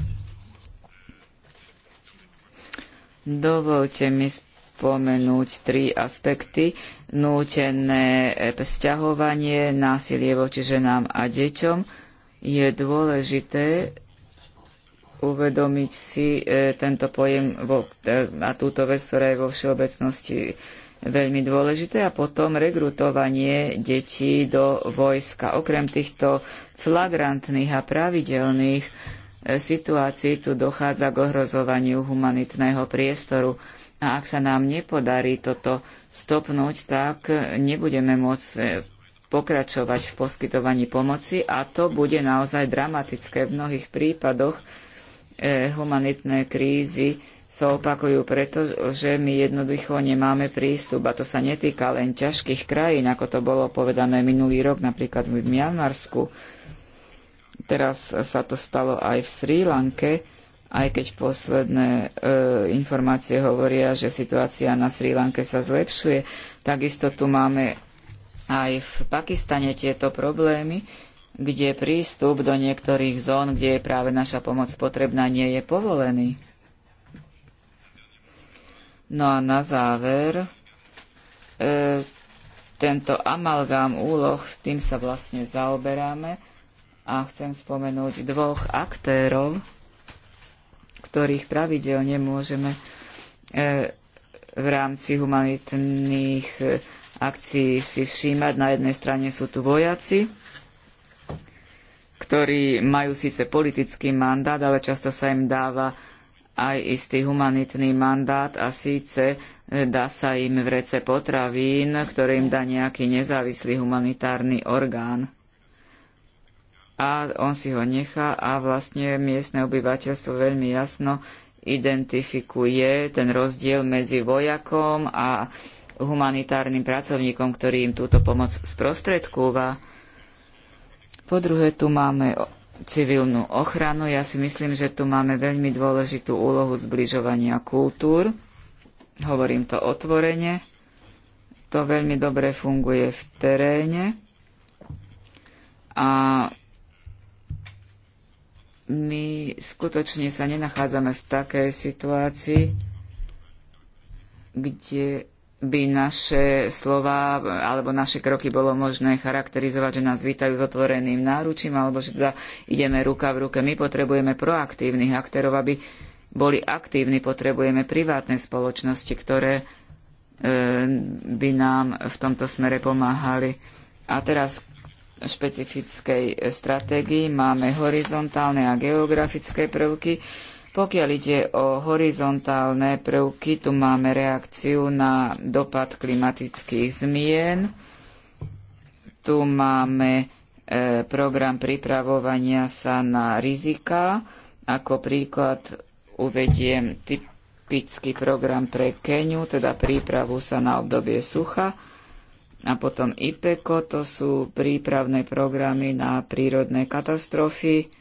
Dovolte mi spomenúť tri aspekty. Nútené e, sťahovanie, násilie voči ženám a deťom je dôležité uvedomiť si e, tento pojem e, a túto vec, ktorá je vo všeobecnosti veľmi dôležité a potom rekrutovanie detí do vojska. Okrem týchto flagrantných a pravidelných e, situácií tu dochádza k ohrozovaniu humanitného priestoru a ak sa nám nepodarí toto stopnúť, tak nebudeme môcť pokračovať v poskytovaní pomoci a to bude naozaj dramatické v mnohých prípadoch, E, humanitné krízy sa opakujú preto, že my jednoducho nemáme prístup a to sa netýka len ťažkých krajín, ako to bolo povedané minulý rok napríklad v Mianmarsku. Teraz sa to stalo aj v Sri Lanke, aj keď posledné e, informácie hovoria, že situácia na Sri Lanke sa zlepšuje. Takisto tu máme aj v Pakistane tieto problémy kde prístup do niektorých zón, kde je práve naša pomoc potrebná, nie je povolený. No a na záver, e, tento amalgám úloh, tým sa vlastne zaoberáme a chcem spomenúť dvoch aktérov, ktorých pravidelne môžeme e, v rámci humanitných e, akcií si všímať. Na jednej strane sú tu vojaci, ktorí majú síce politický mandát, ale často sa im dáva aj istý humanitný mandát a síce e, dá sa im vrece potravín, ktoré im dá nejaký nezávislý humanitárny orgán. A on si ho nechá a vlastne miestne obyvateľstvo veľmi jasno identifikuje ten rozdiel medzi vojakom a humanitárnym pracovníkom, ktorý im túto pomoc sprostredkúva po druhé, tu máme civilnú ochranu. Ja si myslím, že tu máme veľmi dôležitú úlohu zbližovania kultúr. Hovorím to otvorene. To veľmi dobre funguje v teréne. A my skutočne sa nenachádzame v takej situácii, kde by naše slova alebo naše kroky bolo možné charakterizovať, že nás vítajú s otvoreným náručím alebo že teda ideme ruka v ruke. My potrebujeme proaktívnych aktérov, aby boli aktívni, potrebujeme privátne spoločnosti, ktoré e, by nám v tomto smere pomáhali. A teraz k špecifickej stratégii máme horizontálne a geografické prvky pokiaľ ide o horizontálne prvky, tu máme reakciu na dopad klimatických zmien. Tu máme e, program pripravovania sa na rizika. Ako príklad uvediem typický program pre Keniu, teda prípravu sa na obdobie sucha. A potom IPECO, to sú prípravné programy na prírodné katastrofy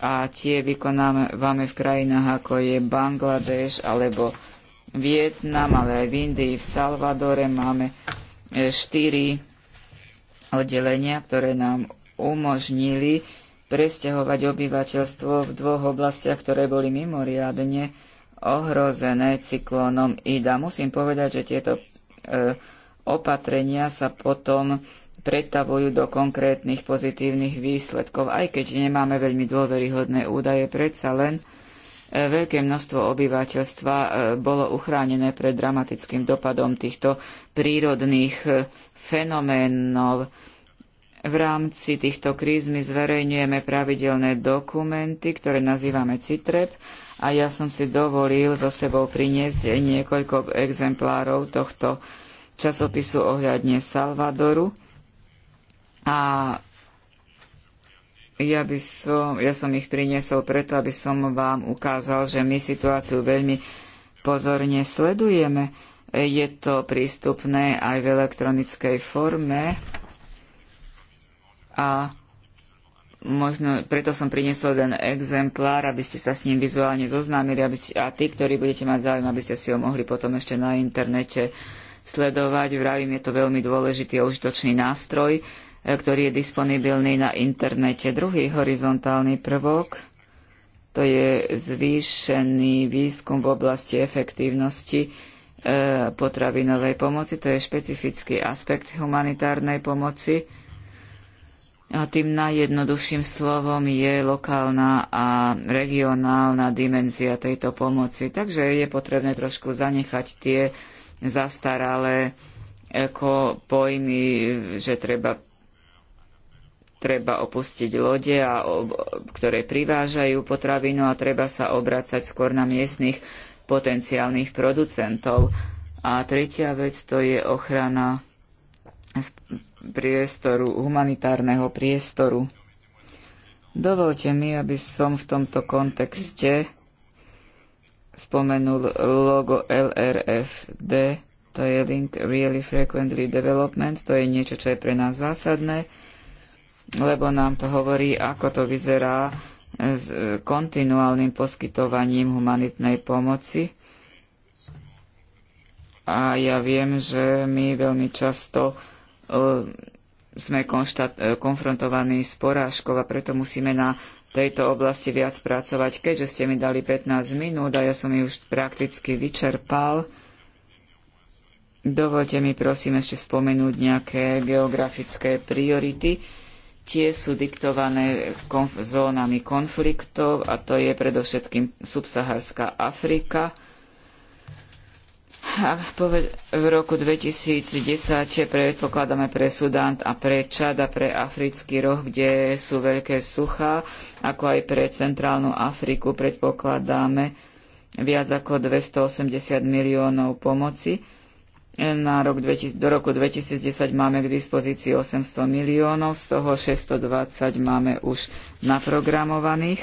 a tie vykonávame v krajinách ako je Bangladeš alebo Vietnam, ale aj v Indii, v Salvadore máme e, štyri oddelenia, ktoré nám umožnili presťahovať obyvateľstvo v dvoch oblastiach, ktoré boli mimoriadne ohrozené cyklónom Ida. Musím povedať, že tieto e, opatrenia sa potom pretavujú do konkrétnych pozitívnych výsledkov, aj keď nemáme veľmi dôveryhodné údaje, predsa len e, veľké množstvo obyvateľstva e, bolo uchránené pred dramatickým dopadom týchto prírodných e, fenoménov. V rámci týchto kríz my zverejňujeme pravidelné dokumenty, ktoré nazývame CITREP a ja som si dovolil so sebou priniesť niekoľko exemplárov tohto časopisu ohľadne Salvadoru a ja, by som, ja som ich priniesol preto, aby som vám ukázal, že my situáciu veľmi pozorne sledujeme. Je to prístupné aj v elektronickej forme a možno preto som priniesol ten exemplár, aby ste sa s ním vizuálne zoznámili aby ste, a tí, ktorí budete mať záujem, aby ste si ho mohli potom ešte na internete sledovať. Vravím, je to veľmi dôležitý a užitočný nástroj, ktorý je disponibilný na internete. Druhý horizontálny prvok to je zvýšený výskum v oblasti efektívnosti e, potravinovej pomoci. To je špecifický aspekt humanitárnej pomoci. A tým najjednoduchším slovom je lokálna a regionálna dimenzia tejto pomoci. Takže je potrebné trošku zanechať tie zastaralé e, pojmy, že treba treba opustiť lode, a ktoré privážajú potravinu a treba sa obracať skôr na miestnych potenciálnych producentov. A tretia vec to je ochrana priestoru, humanitárneho priestoru. Dovolte mi, aby som v tomto kontexte spomenul logo LRFD, to je Link Really Frequently Development, to je niečo, čo je pre nás zásadné lebo nám to hovorí, ako to vyzerá s e, kontinuálnym poskytovaním humanitnej pomoci. A ja viem, že my veľmi často e, sme e, konfrontovaní s porážkou a preto musíme na tejto oblasti viac pracovať. Keďže ste mi dali 15 minút a ja som ju už prakticky vyčerpal, dovolte mi prosím ešte spomenúť nejaké geografické priority tie sú diktované konf zónami konfliktov a to je predovšetkým subsaharská Afrika. A v roku 2010 predpokladáme pre Sudán a pre Čad a pre Africký roh, kde sú veľké suchá, ako aj pre Centrálnu Afriku predpokladáme viac ako 280 miliónov pomoci na rok 2000, do roku 2010 máme k dispozícii 800 miliónov, z toho 620 máme už naprogramovaných.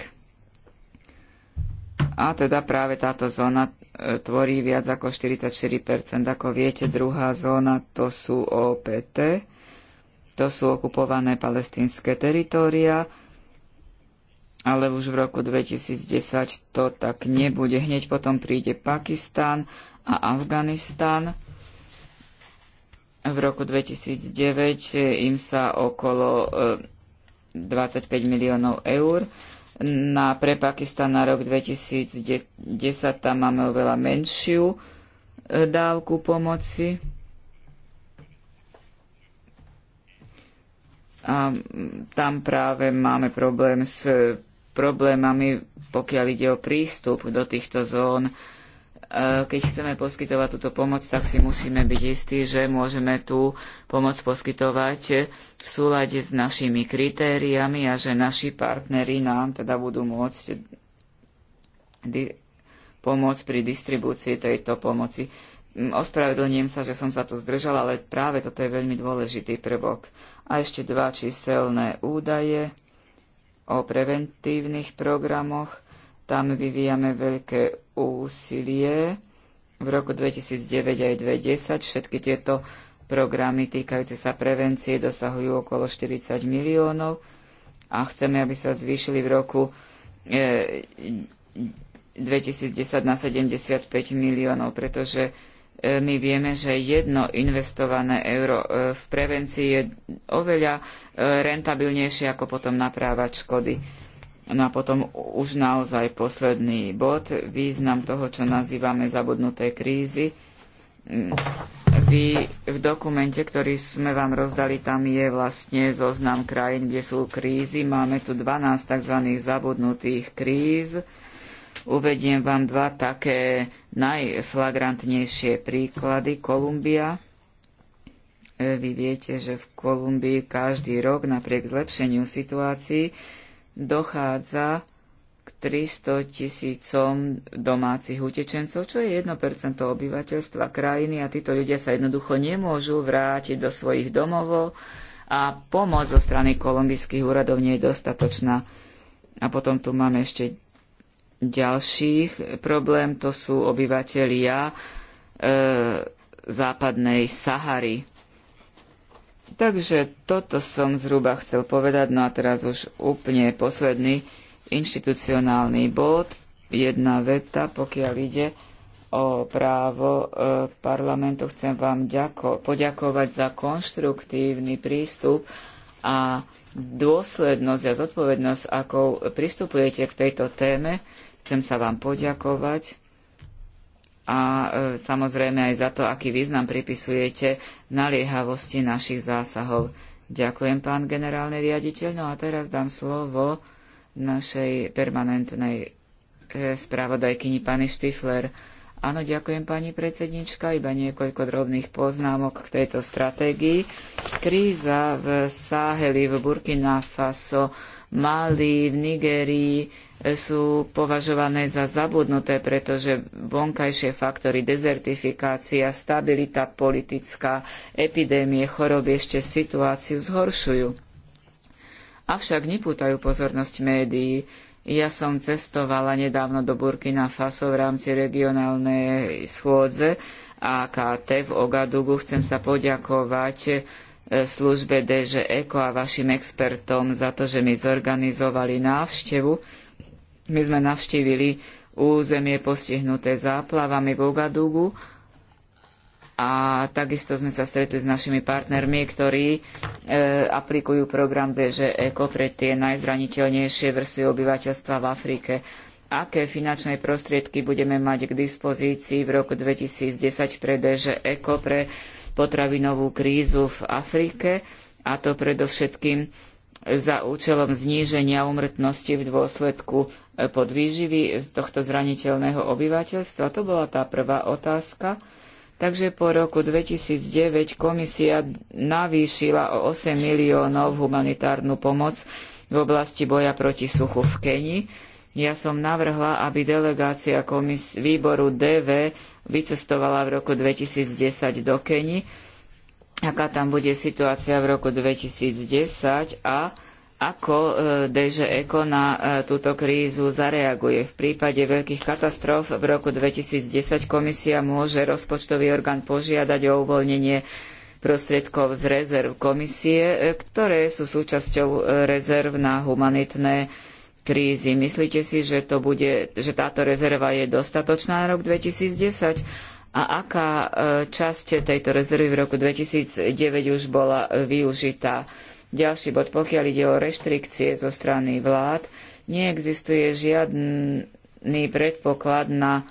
A teda práve táto zóna e, tvorí viac ako 44%. Ako viete, druhá zóna to sú OPT, to sú okupované palestínske teritória, ale už v roku 2010 to tak nebude. Hneď potom príde Pakistan a Afganistan v roku 2009 e, im sa okolo 25 e, miliónov eur. Na, pre Pakistan na rok 2010 tam máme oveľa menšiu e, dávku pomoci. A tam práve máme problém s problémami, pokiaľ ide o prístup do týchto zón E, keď chceme poskytovať túto pomoc, tak si musíme byť istí, že môžeme tú pomoc poskytovať v súlade s našimi kritériami a že naši partneri nám teda budú môcť pomôcť pri distribúcii tejto pomoci. Mm, Ospravedlňujem sa, že som sa tu zdržala, ale práve toto je veľmi dôležitý prvok. A ešte dva číselné údaje o preventívnych programoch. Tam vyvíjame veľké úsilie v roku 2009 aj 2010. Všetky tieto programy týkajúce sa prevencie dosahujú okolo 40 miliónov a chceme, aby sa zvýšili v roku 2010 e, na 75 miliónov, pretože e, my vieme, že jedno investované euro e, v prevencii je oveľa rentabilnejšie ako potom naprávať škody. No a potom už naozaj posledný bod, význam toho, čo nazývame zabudnuté krízy. Mm, vy v dokumente, ktorý sme vám rozdali, tam je vlastne zoznam krajín, kde sú krízy. Máme tu 12 tzv. zabudnutých kríz. Uvediem vám dva také najflagrantnejšie príklady. Kolumbia, e, vy viete, že v Kolumbii každý rok napriek zlepšeniu situácií dochádza k 300 tisícom domácich utečencov, čo je 1% obyvateľstva krajiny a títo ľudia sa jednoducho nemôžu vrátiť do svojich domov a pomoc zo strany kolumbijských úradov nie je dostatočná. A potom tu máme ešte ďalších problém, to sú obyvateľia e, západnej Sahary Takže toto som zhruba chcel povedať. No a teraz už úplne posledný inštitucionálny bod. Jedna veta, pokiaľ ide o právo e, parlamentu. Chcem vám ďako- poďakovať za konštruktívny prístup a dôslednosť a zodpovednosť, ako pristupujete k tejto téme. Chcem sa vám poďakovať a e, samozrejme aj za to, aký význam pripisujete naliehavosti našich zásahov. Ďakujem, pán generálny riaditeľ. No a teraz dám slovo našej permanentnej e, spravodajkyni pani Štifler. Áno, ďakujem pani predsednička, iba niekoľko drobných poznámok k tejto stratégii. Kríza v Sáheli, v Burkina Faso, Mali, v Nigerii e, sú považované za zabudnuté, pretože vonkajšie faktory, dezertifikácia, stabilita politická, epidémie, choroby ešte situáciu zhoršujú. Avšak nepútajú pozornosť médií. Ja som cestovala nedávno do Burkina Faso v rámci regionálnej schôdze AKT v Ogadugu. Chcem sa poďakovať E, službe DŽ Eko a vašim expertom za to, že mi zorganizovali návštevu. My sme navštívili územie postihnuté záplavami v Ugadugu a takisto sme sa stretli s našimi partnermi, ktorí e, aplikujú program DŽ Eko pre tie najzraniteľnejšie vrstvy obyvateľstva v Afrike. Aké finančné prostriedky budeme mať k dispozícii v roku 2010 pre DŽ Eko pre potravinovú krízu v Afrike, a to predovšetkým za účelom zníženia umrtnosti v dôsledku e, podvýživy tohto zraniteľného obyvateľstva. To bola tá prvá otázka. Takže po roku 2009 komisia navýšila o 8 miliónov humanitárnu pomoc v oblasti boja proti suchu v Keni. Ja som navrhla, aby delegácia výboru DV vycestovala v roku 2010 do Keni, aká tam bude situácia v roku 2010 a ako e, DŽ Eko na e, túto krízu zareaguje. V prípade veľkých katastrof v roku 2010 komisia môže rozpočtový orgán požiadať o uvoľnenie prostriedkov z rezerv komisie, e, ktoré sú súčasťou rezerv na humanitné krízy. Myslíte si, že, to bude, že táto rezerva je dostatočná na rok 2010? A aká e, časť tejto rezervy v roku 2009 už bola e, využitá? Ďalší bod, pokiaľ ide o reštrikcie zo strany vlád, neexistuje žiadny predpoklad na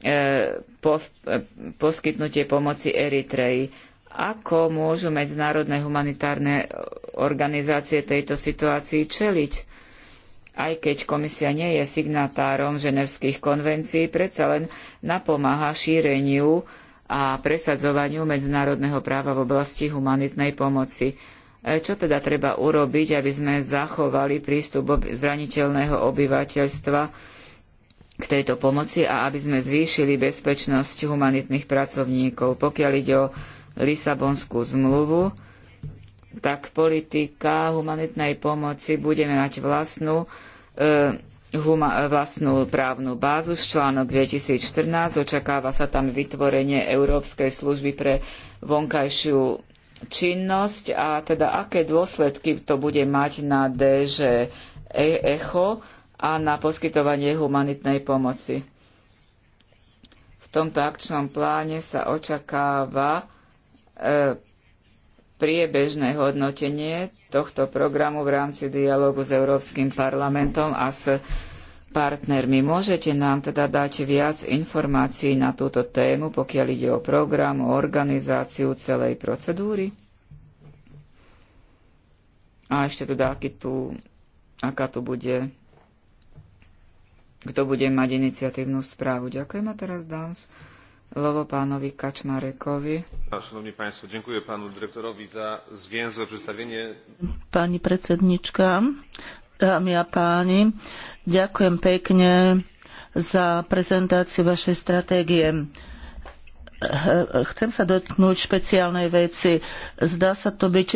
e, po, e, poskytnutie pomoci Eritreji. Ako môžu medzinárodné humanitárne organizácie tejto situácii čeliť? aj keď komisia nie je signatárom ženevských konvencií, predsa len napomáha šíreniu a presadzovaniu medzinárodného práva v oblasti humanitnej pomoci. E, čo teda treba urobiť, aby sme zachovali prístup zraniteľného obyvateľstva k tejto pomoci a aby sme zvýšili bezpečnosť humanitných pracovníkov? Pokiaľ ide o Lisabonskú zmluvu, tak politika humanitnej pomoci budeme mať vlastnú, e, huma, vlastnú právnu bázu z článok 2014. Očakáva sa tam vytvorenie Európskej služby pre vonkajšiu činnosť a teda aké dôsledky to bude mať na DŽ e, ECHO a na poskytovanie humanitnej pomoci. V tomto akčnom pláne sa očakáva e, priebežné hodnotenie tohto programu v rámci dialogu s Európskym parlamentom a s partnermi. Môžete nám teda dať viac informácií na túto tému, pokiaľ ide o program, o organizáciu celej procedúry? A ešte teda, aký tu, aká tu bude, kto bude mať iniciatívnu správu. Ďakujem a teraz dám slovo Kačmarekovi. Państwo, dziękuję panu dyrektorowi za zwięzłe przedstawienie. Pani dámy a páni, ďakujem pekne za prezentáciu vašej stratégie. Chcem sa dotknúť špeciálnej veci. Zdá sa to byť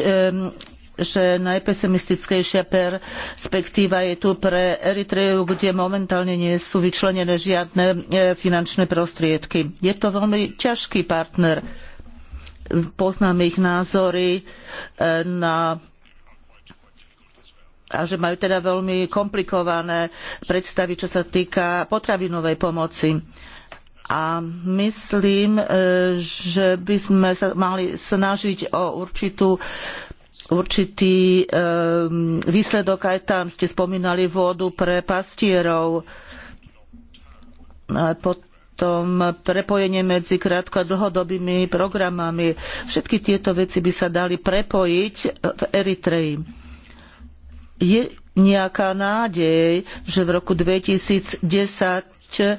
že najpesimistickejšia perspektíva je tu pre Eritreju, kde momentálne nie sú vyčlenené žiadne e, finančné prostriedky. Je to veľmi ťažký partner. Poznám ich názory e, na a že majú teda veľmi komplikované predstavy, čo sa týka potravinovej pomoci. A myslím, e, že by sme sa mali snažiť o určitú určitý um, výsledok aj tam. Ste spomínali vodu pre pastierov. A potom prepojenie medzi krátko a dlhodobými programami. Všetky tieto veci by sa dali prepojiť v Eritreji. Je nejaká nádej, že v roku 2010 keď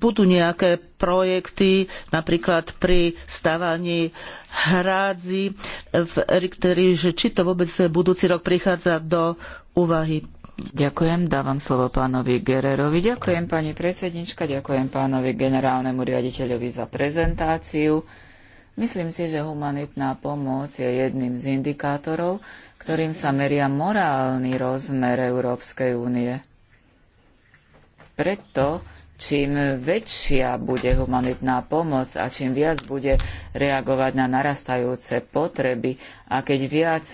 budú nejaké projekty, napríklad pri stavaní hrádzi v Rikteri, že či to vôbec budúci rok prichádza do úvahy. Ďakujem, dávam slovo pánovi Gererovi. Ďakujem pani predsednička, ďakujem pánovi generálnemu riaditeľovi za prezentáciu. Myslím si, že humanitná pomoc je jedným z indikátorov, ktorým sa meria morálny rozmer Európskej únie. Preto čím väčšia bude humanitná pomoc a čím viac bude reagovať na narastajúce potreby a keď viac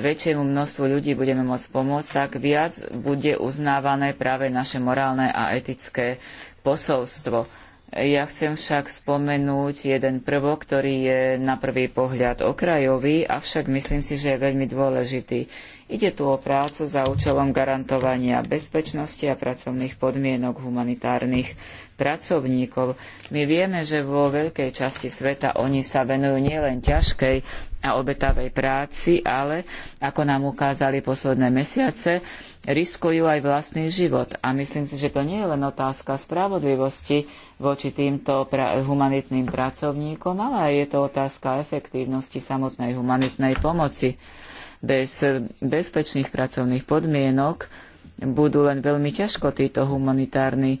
väčšiemu množstvu ľudí budeme môcť pomôcť, tak viac bude uznávané práve naše morálne a etické posolstvo. Ja chcem však spomenúť jeden prvok, ktorý je na prvý pohľad okrajový, avšak myslím si, že je veľmi dôležitý. Ide tu o prácu za účelom garantovania bezpečnosti a pracovných podmienok humanitárnych pracovníkov. My vieme, že vo veľkej časti sveta oni sa venujú nielen ťažkej a obetavej práci, ale, ako nám ukázali posledné mesiace, riskujú aj vlastný život. A myslím si, že to nie je len otázka spravodlivosti voči týmto pra humanitným pracovníkom, ale aj je to otázka efektívnosti samotnej humanitnej pomoci. Bez bezpečných pracovných podmienok budú len veľmi ťažko títo humanitárni e,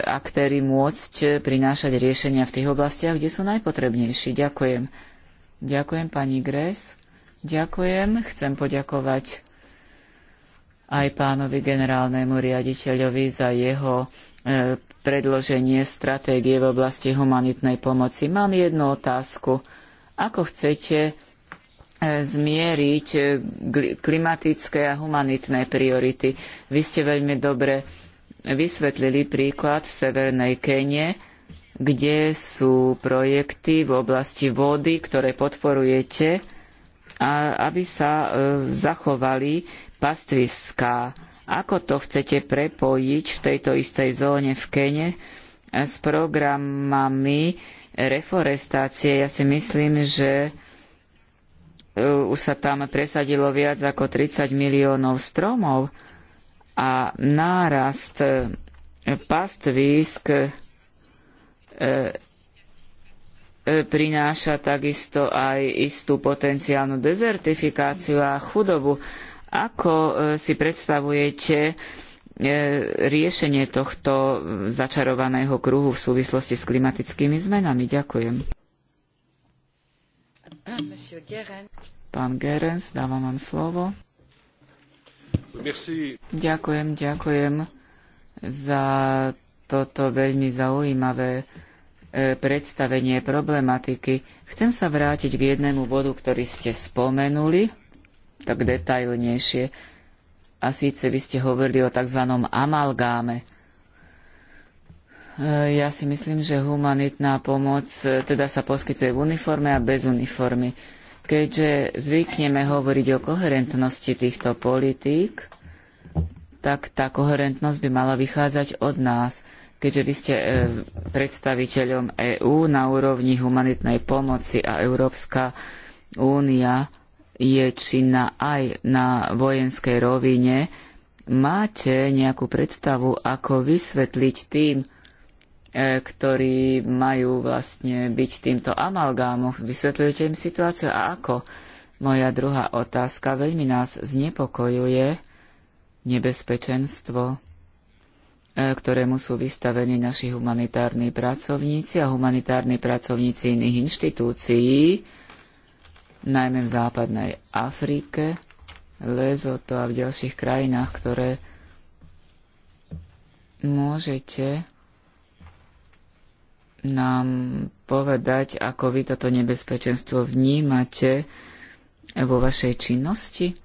aktéry môcť prinášať riešenia v tých oblastiach, kde sú najpotrebnejší. Ďakujem. Ďakujem pani Gres. Ďakujem. Chcem poďakovať aj pánovi generálnemu riaditeľovi za jeho e, predloženie stratégie v oblasti humanitnej pomoci. Mám jednu otázku. Ako chcete E, zmieriť e, klimatické a humanitné priority. Vy ste veľmi dobre vysvetlili príklad Severnej Kenie, kde sú projekty v oblasti vody, ktoré podporujete, a aby sa e, zachovali pastviská. Ako to chcete prepojiť v tejto istej zóne v Kene s programami reforestácie? Ja si myslím, že E, už sa tam presadilo viac ako 30 miliónov stromov a nárast e, pastvísk e, prináša takisto aj istú potenciálnu dezertifikáciu a chudobu. Ako si predstavujete riešenie tohto začarovaného kruhu v súvislosti s klimatickými zmenami? Ďakujem. Pán Gerens, dávam vám slovo. Merci. Ďakujem, ďakujem za toto veľmi zaujímavé e, predstavenie problematiky. Chcem sa vrátiť k jednému bodu, ktorý ste spomenuli, tak detailnejšie. A síce vy ste hovorili o tzv. amalgáme ja si myslím, že humanitná pomoc e, teda sa poskytuje v uniforme a bez uniformy. Keďže zvykneme hovoriť o koherentnosti týchto politík, tak tá koherentnosť by mala vychádzať od nás. Keďže vy ste e, predstaviteľom EÚ na úrovni humanitnej pomoci a Európska únia je činná aj na vojenskej rovine, máte nejakú predstavu, ako vysvetliť tým, E, ktorí majú vlastne byť týmto amalgámom. Vysvetľujete im situáciu a ako? Moja druhá otázka veľmi nás znepokojuje nebezpečenstvo, e, ktorému sú vystavení naši humanitárni pracovníci a humanitárni pracovníci iných inštitúcií, najmä v západnej Afrike, Lesoto a v ďalších krajinách, ktoré môžete nám povedať, ako vy toto nebezpečenstvo vnímate vo vašej činnosti?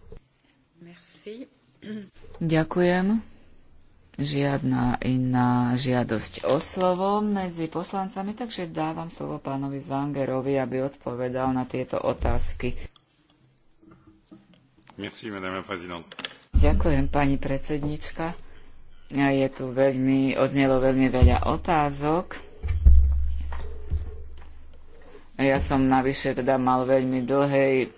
Merci. Ďakujem. Žiadna iná žiadosť o slovo medzi poslancami, takže dávam slovo pánovi Zangerovi, aby odpovedal na tieto otázky. Merci, madame Ďakujem, pani predsednička. Je tu veľmi, odznelo veľmi veľa otázok ja som navyše teda mal veľmi dlhý,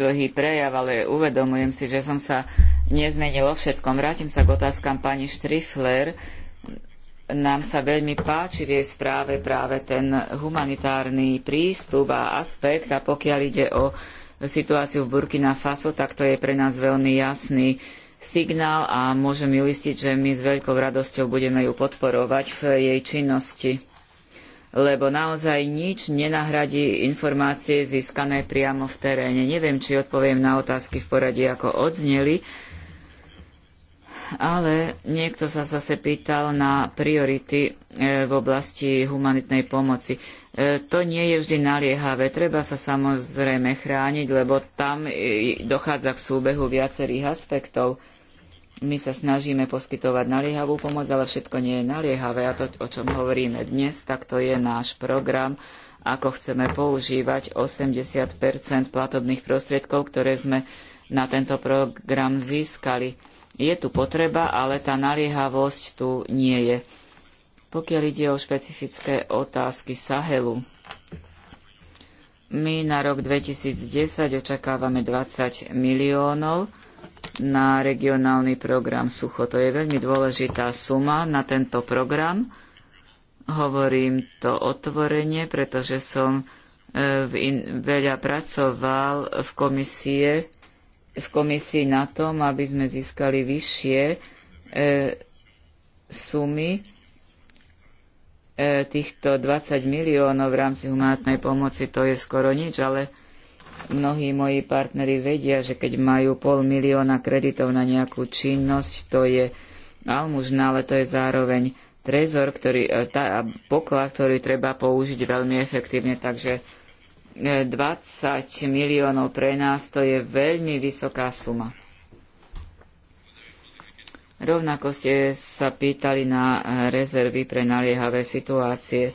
dlhý prejav, ale uvedomujem si, že som sa nezmenil vo všetkom. Vrátim sa k otázkam pani Štrifler. Nám sa veľmi páči v jej správe práve ten humanitárny prístup a aspekt a pokiaľ ide o situáciu v Burkina Faso, tak to je pre nás veľmi jasný signál a môžem ju istiť, že my s veľkou radosťou budeme ju podporovať v jej činnosti lebo naozaj nič nenahradí informácie získané priamo v teréne. Neviem, či odpoviem na otázky v poradí, ako odzneli, ale niekto sa zase pýtal na priority e, v oblasti humanitnej pomoci. E, to nie je vždy naliehavé. Treba sa samozrejme chrániť, lebo tam dochádza k súbehu viacerých aspektov. My sa snažíme poskytovať naliehavú pomoc, ale všetko nie je naliehavé a to, o čom hovoríme dnes, tak to je náš program, ako chceme používať 80 platobných prostriedkov, ktoré sme na tento program získali. Je tu potreba, ale tá naliehavosť tu nie je. Pokiaľ ide o špecifické otázky Sahelu, my na rok 2010 očakávame 20 miliónov na regionálny program Sucho. To je veľmi dôležitá suma na tento program. Hovorím to otvorene, pretože som e, in, veľa pracoval v, komisie, v komisii na tom, aby sme získali vyššie e, sumy e, týchto 20 miliónov v rámci humanitnej pomoci. To je skoro nič, ale Mnohí moji partneri vedia, že keď majú pol milióna kreditov na nejakú činnosť, to je almužná, ale to je zároveň trezor, ktorý, e, tá, poklad, ktorý treba použiť veľmi efektívne. Takže 20 e, miliónov pre nás to je veľmi vysoká suma. Rovnako ste sa pýtali na rezervy pre naliehavé situácie.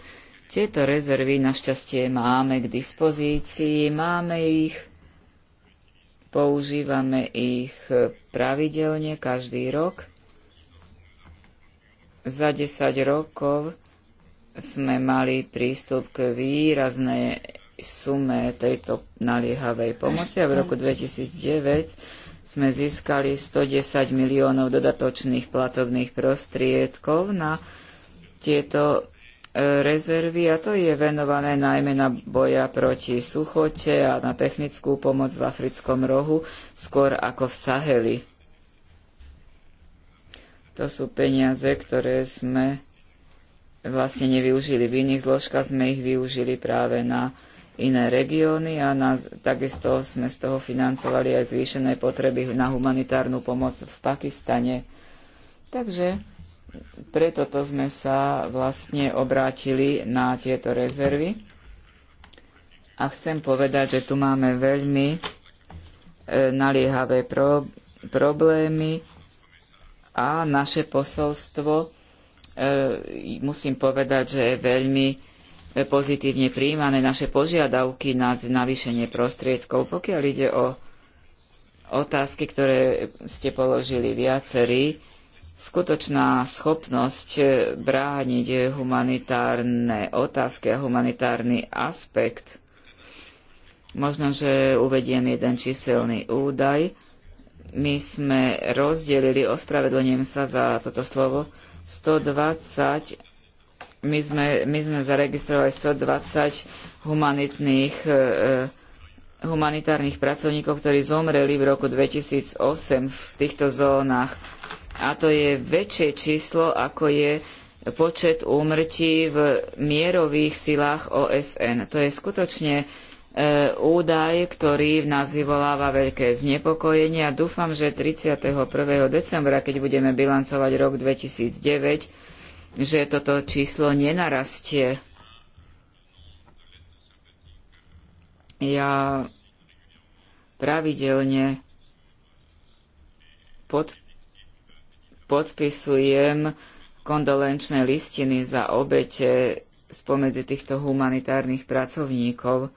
Tieto rezervy našťastie máme k dispozícii, máme ich, používame ich pravidelne každý rok. Za 10 rokov sme mali prístup k výraznej sume tejto naliehavej pomoci a v roku 2009 sme získali 110 miliónov dodatočných platobných prostriedkov na tieto rezervy a to je venované najmä na boja proti suchote a na technickú pomoc v africkom rohu, skôr ako v Saheli. To sú peniaze, ktoré sme vlastne nevyužili v iných zložkách, sme ich využili práve na iné regióny a na, takisto sme z toho financovali aj zvýšené potreby na humanitárnu pomoc v Pakistane. Takže preto to sme sa vlastne obrátili na tieto rezervy. A chcem povedať, že tu máme veľmi e, naliehavé pro, problémy a naše posolstvo, e, musím povedať, že je veľmi e, pozitívne príjmané naše požiadavky na navýšenie prostriedkov. Pokiaľ ide o otázky, ktoré ste položili viacerí, skutočná schopnosť eh, brániť humanitárne otázky a humanitárny aspekt. Možno, že uvediem jeden číselný údaj. My sme rozdelili, ospravedlňujem sa za toto slovo, 120, my sme, my sme zaregistrovali 120 humanitných eh, eh, humanitárnych pracovníkov, ktorí zomreli v roku 2008 v týchto zónach a to je väčšie číslo, ako je počet úmrtí v mierových silách OSN. To je skutočne e, údaj, ktorý v nás vyvoláva veľké znepokojenie a dúfam, že 31. decembra, keď budeme bilancovať rok 2009, že toto číslo nenarastie. Ja pravidelne pod, podpisujem kondolenčné listiny za obete spomedzi týchto humanitárnych pracovníkov.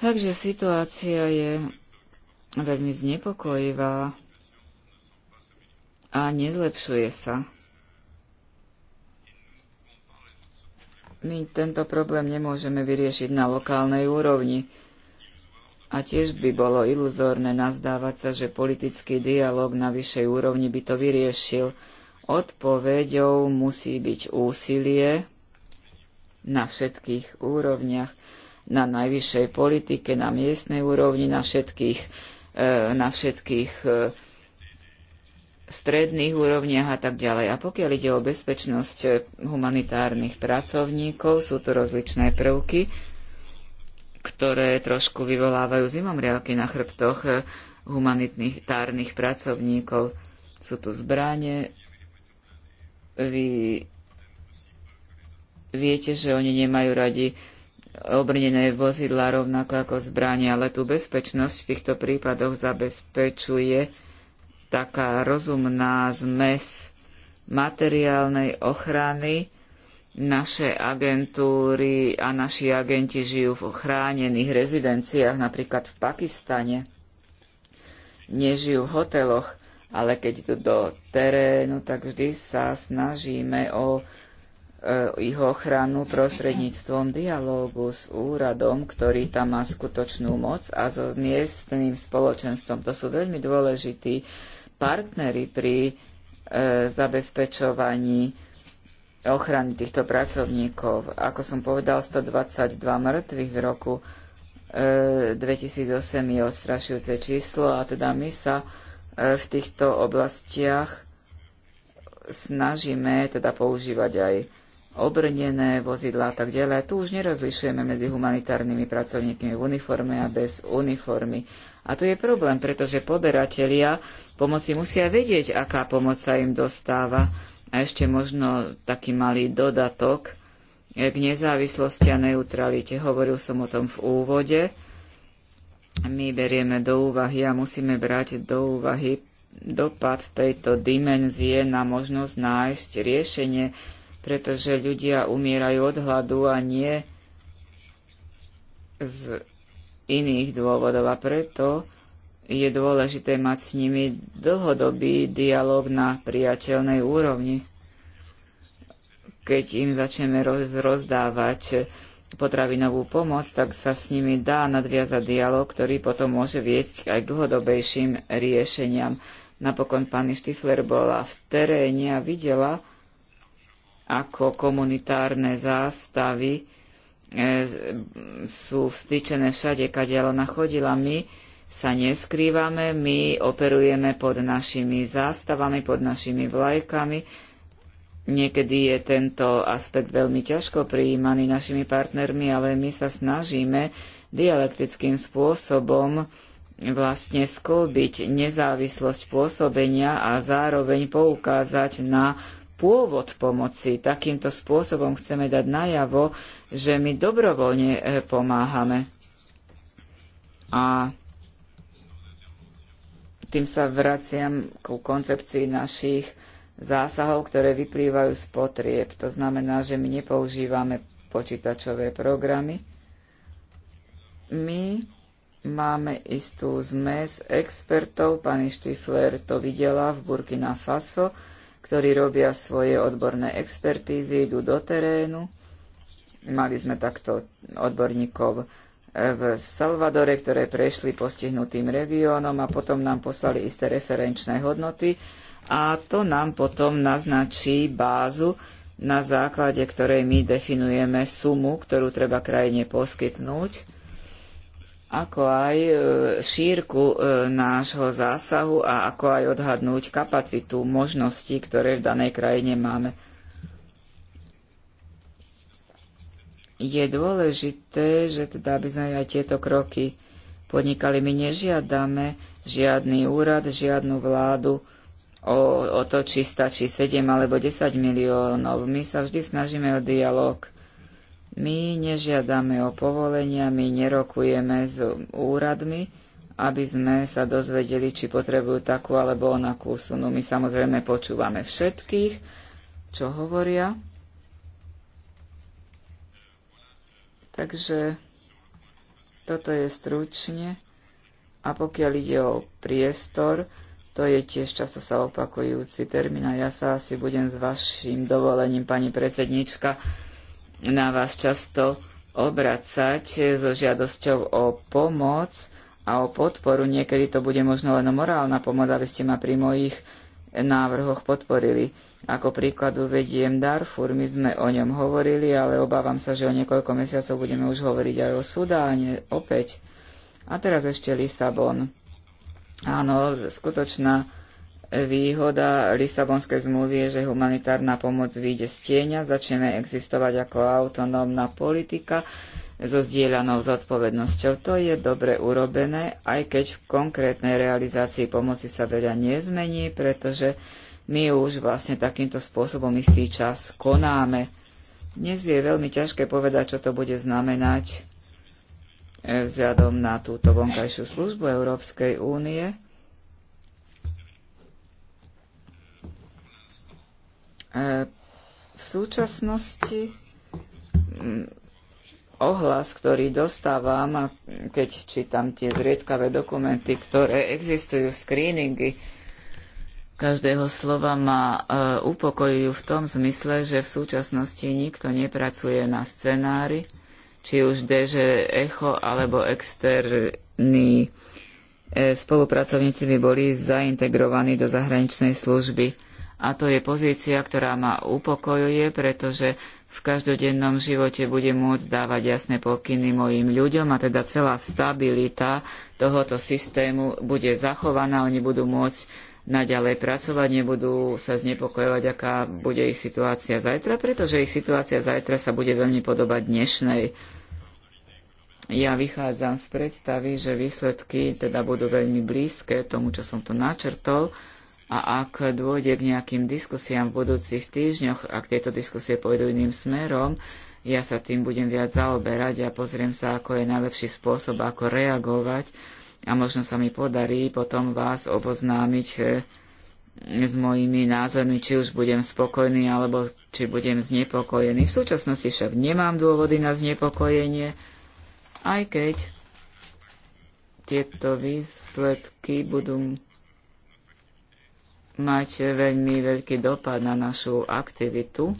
Takže situácia je veľmi znepokojivá a nezlepšuje sa. My tento problém nemôžeme vyriešiť na lokálnej úrovni. A tiež by bolo iluzórne nazdávať sa, že politický dialog na vyššej úrovni by to vyriešil. Odpoveďou musí byť úsilie na všetkých úrovniach, na najvyššej politike, na miestnej úrovni, na všetkých, e, na všetkých e, stredných úrovniach a tak ďalej. A pokiaľ ide o bezpečnosť humanitárnych pracovníkov, sú tu rozličné prvky, ktoré trošku vyvolávajú zimomriavky na chrbtoch humanitárnych pracovníkov. Sú tu zbranie. Vy viete, že oni nemajú radi obrnené vozidla rovnako ako zbranie, ale tú bezpečnosť v týchto prípadoch zabezpečuje taká rozumná zmes materiálnej ochrany naše agentúry a naši agenti žijú v ochránených rezidenciách, napríklad v Pakistane. Nežijú v hoteloch, ale keď idú do terénu, tak vždy sa snažíme o e, ich ochranu prostredníctvom dialógu s úradom, ktorý tam má skutočnú moc a so miestným spoločenstvom. To sú veľmi dôležití partnery pri e, zabezpečovaní ochrany týchto pracovníkov. Ako som povedal, 122 mŕtvych v roku 2008 e, je odstrašujúce číslo a teda my sa e, v týchto oblastiach snažíme teda používať aj obrnené vozidlá a tak ďalej. Tu už nerozlišujeme medzi humanitárnymi pracovníkmi v uniforme a bez uniformy. A to je problém, pretože poberatelia pomoci musia vedieť, aká pomoc sa im dostáva a ešte možno taký malý dodatok k nezávislosti a neutralite. Hovoril som o tom v úvode. My berieme do úvahy a musíme brať do úvahy dopad tejto dimenzie na možnosť nájsť riešenie, pretože ľudia umierajú od hladu a nie z iných dôvodov. A preto je dôležité mať s nimi dlhodobý dialog na priateľnej úrovni. Keď im začneme roz, rozdávať potravinovú pomoc, tak sa s nimi dá nadviazať dialog, ktorý potom môže viesť aj k dlhodobejším riešeniam. Napokon pani Štifler bola v teréne a videla, ako komunitárne zástavy e, sú vstýčené všade, kadiaľ ona chodila. My sa neskrývame, my operujeme pod našimi zástavami, pod našimi vlajkami. Niekedy je tento aspekt veľmi ťažko prijímaný našimi partnermi, ale my sa snažíme dialektickým spôsobom vlastne sklbiť nezávislosť pôsobenia a zároveň poukázať na pôvod pomoci. Takýmto spôsobom chceme dať najavo, že my dobrovoľne eh, pomáhame. A tým sa vraciam ku koncepcii našich zásahov, ktoré vyplývajú z potrieb. To znamená, že my nepoužívame počítačové programy. My máme istú zmes expertov, pani Štifler to videla v Burkina Faso, ktorí robia svoje odborné expertízy, idú do terénu. Mali sme takto odborníkov v Salvadore, ktoré prešli postihnutým regiónom a potom nám poslali isté referenčné hodnoty a to nám potom naznačí bázu, na základe ktorej my definujeme sumu, ktorú treba krajine poskytnúť, ako aj e, šírku e, nášho zásahu a ako aj odhadnúť kapacitu možností, ktoré v danej krajine máme. je dôležité, že teda aby sme aj tieto kroky podnikali. My nežiadame žiadny úrad, žiadnu vládu o, o to, či stačí 7 alebo 10 miliónov. My sa vždy snažíme o dialog. My nežiadame o povolenia, my nerokujeme s úradmi, aby sme sa dozvedeli, či potrebujú takú alebo onakú sunu. My samozrejme počúvame všetkých, čo hovoria Takže toto je stručne. A pokiaľ ide o priestor, to je tiež často sa opakujúci termín a ja sa asi budem s vašim dovolením, pani predsednička, na vás často obracať so žiadosťou o pomoc a o podporu. Niekedy to bude možno len morálna pomoc, aby ste ma pri mojich návrhoch podporili. Ako príklad uvediem Darfur, my sme o ňom hovorili, ale obávam sa, že o niekoľko mesiacov budeme už hovoriť aj o Sudáne opäť. A teraz ešte Lisabon. Áno, skutočná výhoda Lisabonskej zmluvy je, že humanitárna pomoc vyjde z tieňa, začneme existovať ako autonómna politika so zdieľanou zodpovednosťou. To je dobre urobené, aj keď v konkrétnej realizácii pomoci sa veľa nezmení, pretože my už vlastne takýmto spôsobom istý čas konáme. Dnes je veľmi ťažké povedať, čo to bude znamenať e, vzhľadom na túto vonkajšiu službu Európskej únie. E, v súčasnosti ohlas, ktorý dostávam, keď čítam tie zriedkavé dokumenty, ktoré existujú, screeningy, každého slova ma e, upokojujú v tom zmysle, že v súčasnosti nikto nepracuje na scenári, či už DŽ Echo alebo externí e, spolupracovníci by boli zaintegrovaní do zahraničnej služby. A to je pozícia, ktorá ma upokojuje, pretože v každodennom živote budem môcť dávať jasné pokyny mojim ľuďom a teda celá stabilita tohoto systému bude zachovaná, oni budú môcť naďalej pracovať, nebudú sa znepokojovať, aká bude ich situácia zajtra, pretože ich situácia zajtra sa bude veľmi podobať dnešnej. Ja vychádzam z predstavy, že výsledky teda budú veľmi blízke tomu, čo som to načrtol a ak dôjde k nejakým diskusiám v budúcich týždňoch, ak tieto diskusie pôjdu iným smerom, ja sa tým budem viac zaoberať a pozriem sa, ako je najlepší spôsob, ako reagovať a možno sa mi podarí potom vás oboznámiť e, s mojimi názormi, či už budem spokojný alebo či budem znepokojený. V súčasnosti však nemám dôvody na znepokojenie, aj keď tieto výsledky budú mať veľmi veľký dopad na našu aktivitu.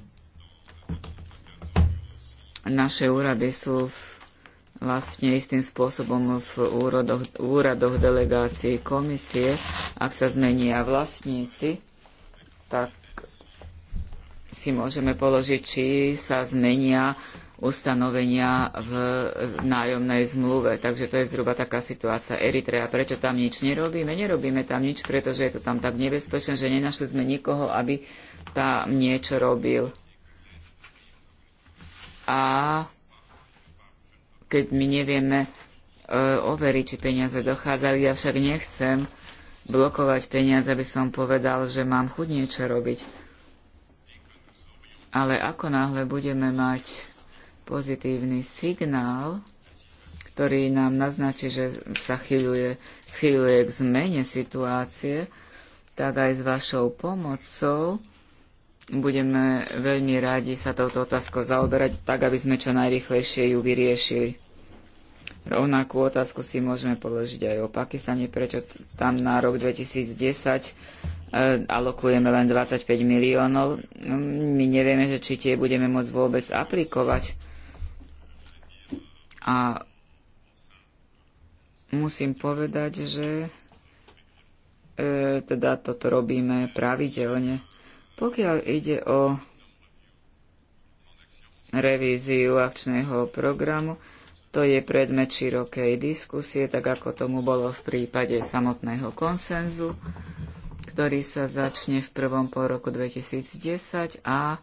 Naše úrady sú v vlastne istým spôsobom v úradoch delegácií komisie, ak sa zmenia vlastníci, tak si môžeme položiť, či sa zmenia ustanovenia v nájomnej zmluve. Takže to je zhruba taká situácia Eritrea. Prečo tam nič nerobíme? Nerobíme tam nič, pretože je to tam tak nebezpečné, že nenašli sme nikoho, aby tam niečo robil. A keď my nevieme e, overiť, či peniaze dochádzajú. Ja však nechcem blokovať peniaze, aby som povedal, že mám chuť niečo robiť. Ale ako náhle budeme mať pozitívny signál, ktorý nám naznačí, že sa chyľuje schyluje k zmene situácie, tak aj s vašou pomocou budeme veľmi rádi sa touto otázkou zaoberať, tak aby sme čo najrychlejšie ju vyriešili. Rovnakú otázku si môžeme položiť aj o Pakistane, prečo tam na rok 2010 e, alokujeme len 25 miliónov. No, my nevieme, že či tie budeme môcť vôbec aplikovať. A musím povedať, že e, teda toto robíme pravidelne pokiaľ ide o revíziu akčného programu, to je predmet širokej diskusie, tak ako tomu bolo v prípade samotného konsenzu, ktorý sa začne v prvom pol roku 2010 a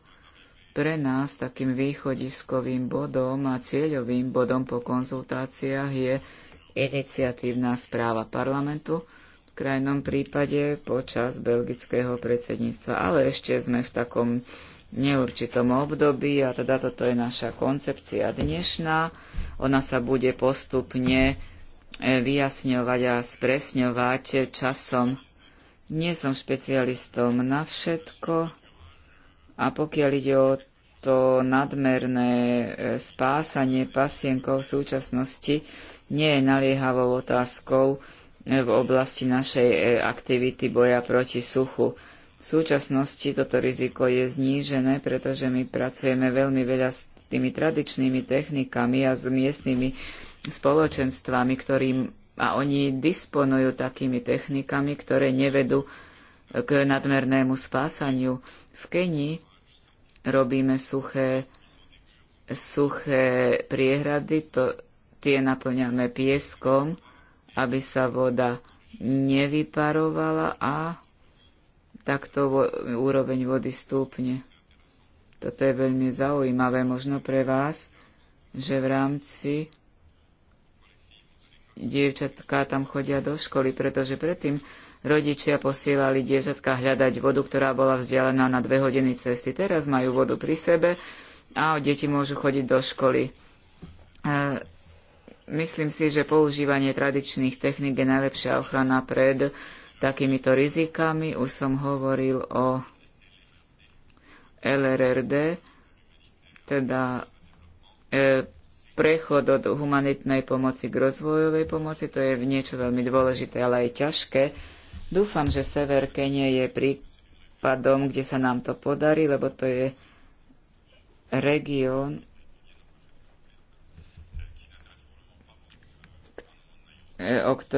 pre nás takým východiskovým bodom a cieľovým bodom po konzultáciách je iniciatívna správa parlamentu, krajnom prípade počas belgického predsedníctva. Ale ešte sme v takom neurčitom období a teda toto je naša koncepcia dnešná. Ona sa bude postupne e, vyjasňovať a spresňovať časom. Nie som špecialistom na všetko a pokiaľ ide o to nadmerné e, spásanie pasienkov v súčasnosti nie je naliehavou otázkou v oblasti našej e, aktivity boja proti suchu. V súčasnosti toto riziko je znížené, pretože my pracujeme veľmi veľa s tými tradičnými technikami a s miestnymi spoločenstvami, ktorým a oni disponujú takými technikami, ktoré nevedú k nadmernému spásaniu. V Kenii robíme suché, suché priehrady, to, tie naplňame pieskom, aby sa voda nevyparovala a takto vo- úroveň vody stúpne. Toto je veľmi zaujímavé možno pre vás, že v rámci dievčatka tam chodia do školy, pretože predtým rodičia posielali dievčatka hľadať vodu, ktorá bola vzdialená na dve hodiny cesty. Teraz majú vodu pri sebe a deti môžu chodiť do školy. E, Myslím si, že používanie tradičných techník je najlepšia ochrana pred takýmito rizikami. Už som hovoril o LRRD, teda e, prechod od humanitnej pomoci k rozvojovej pomoci. To je niečo veľmi dôležité, ale aj ťažké. Dúfam, že sever Kenie je prípadom, kde sa nám to podarí, lebo to je región, E, o ktorom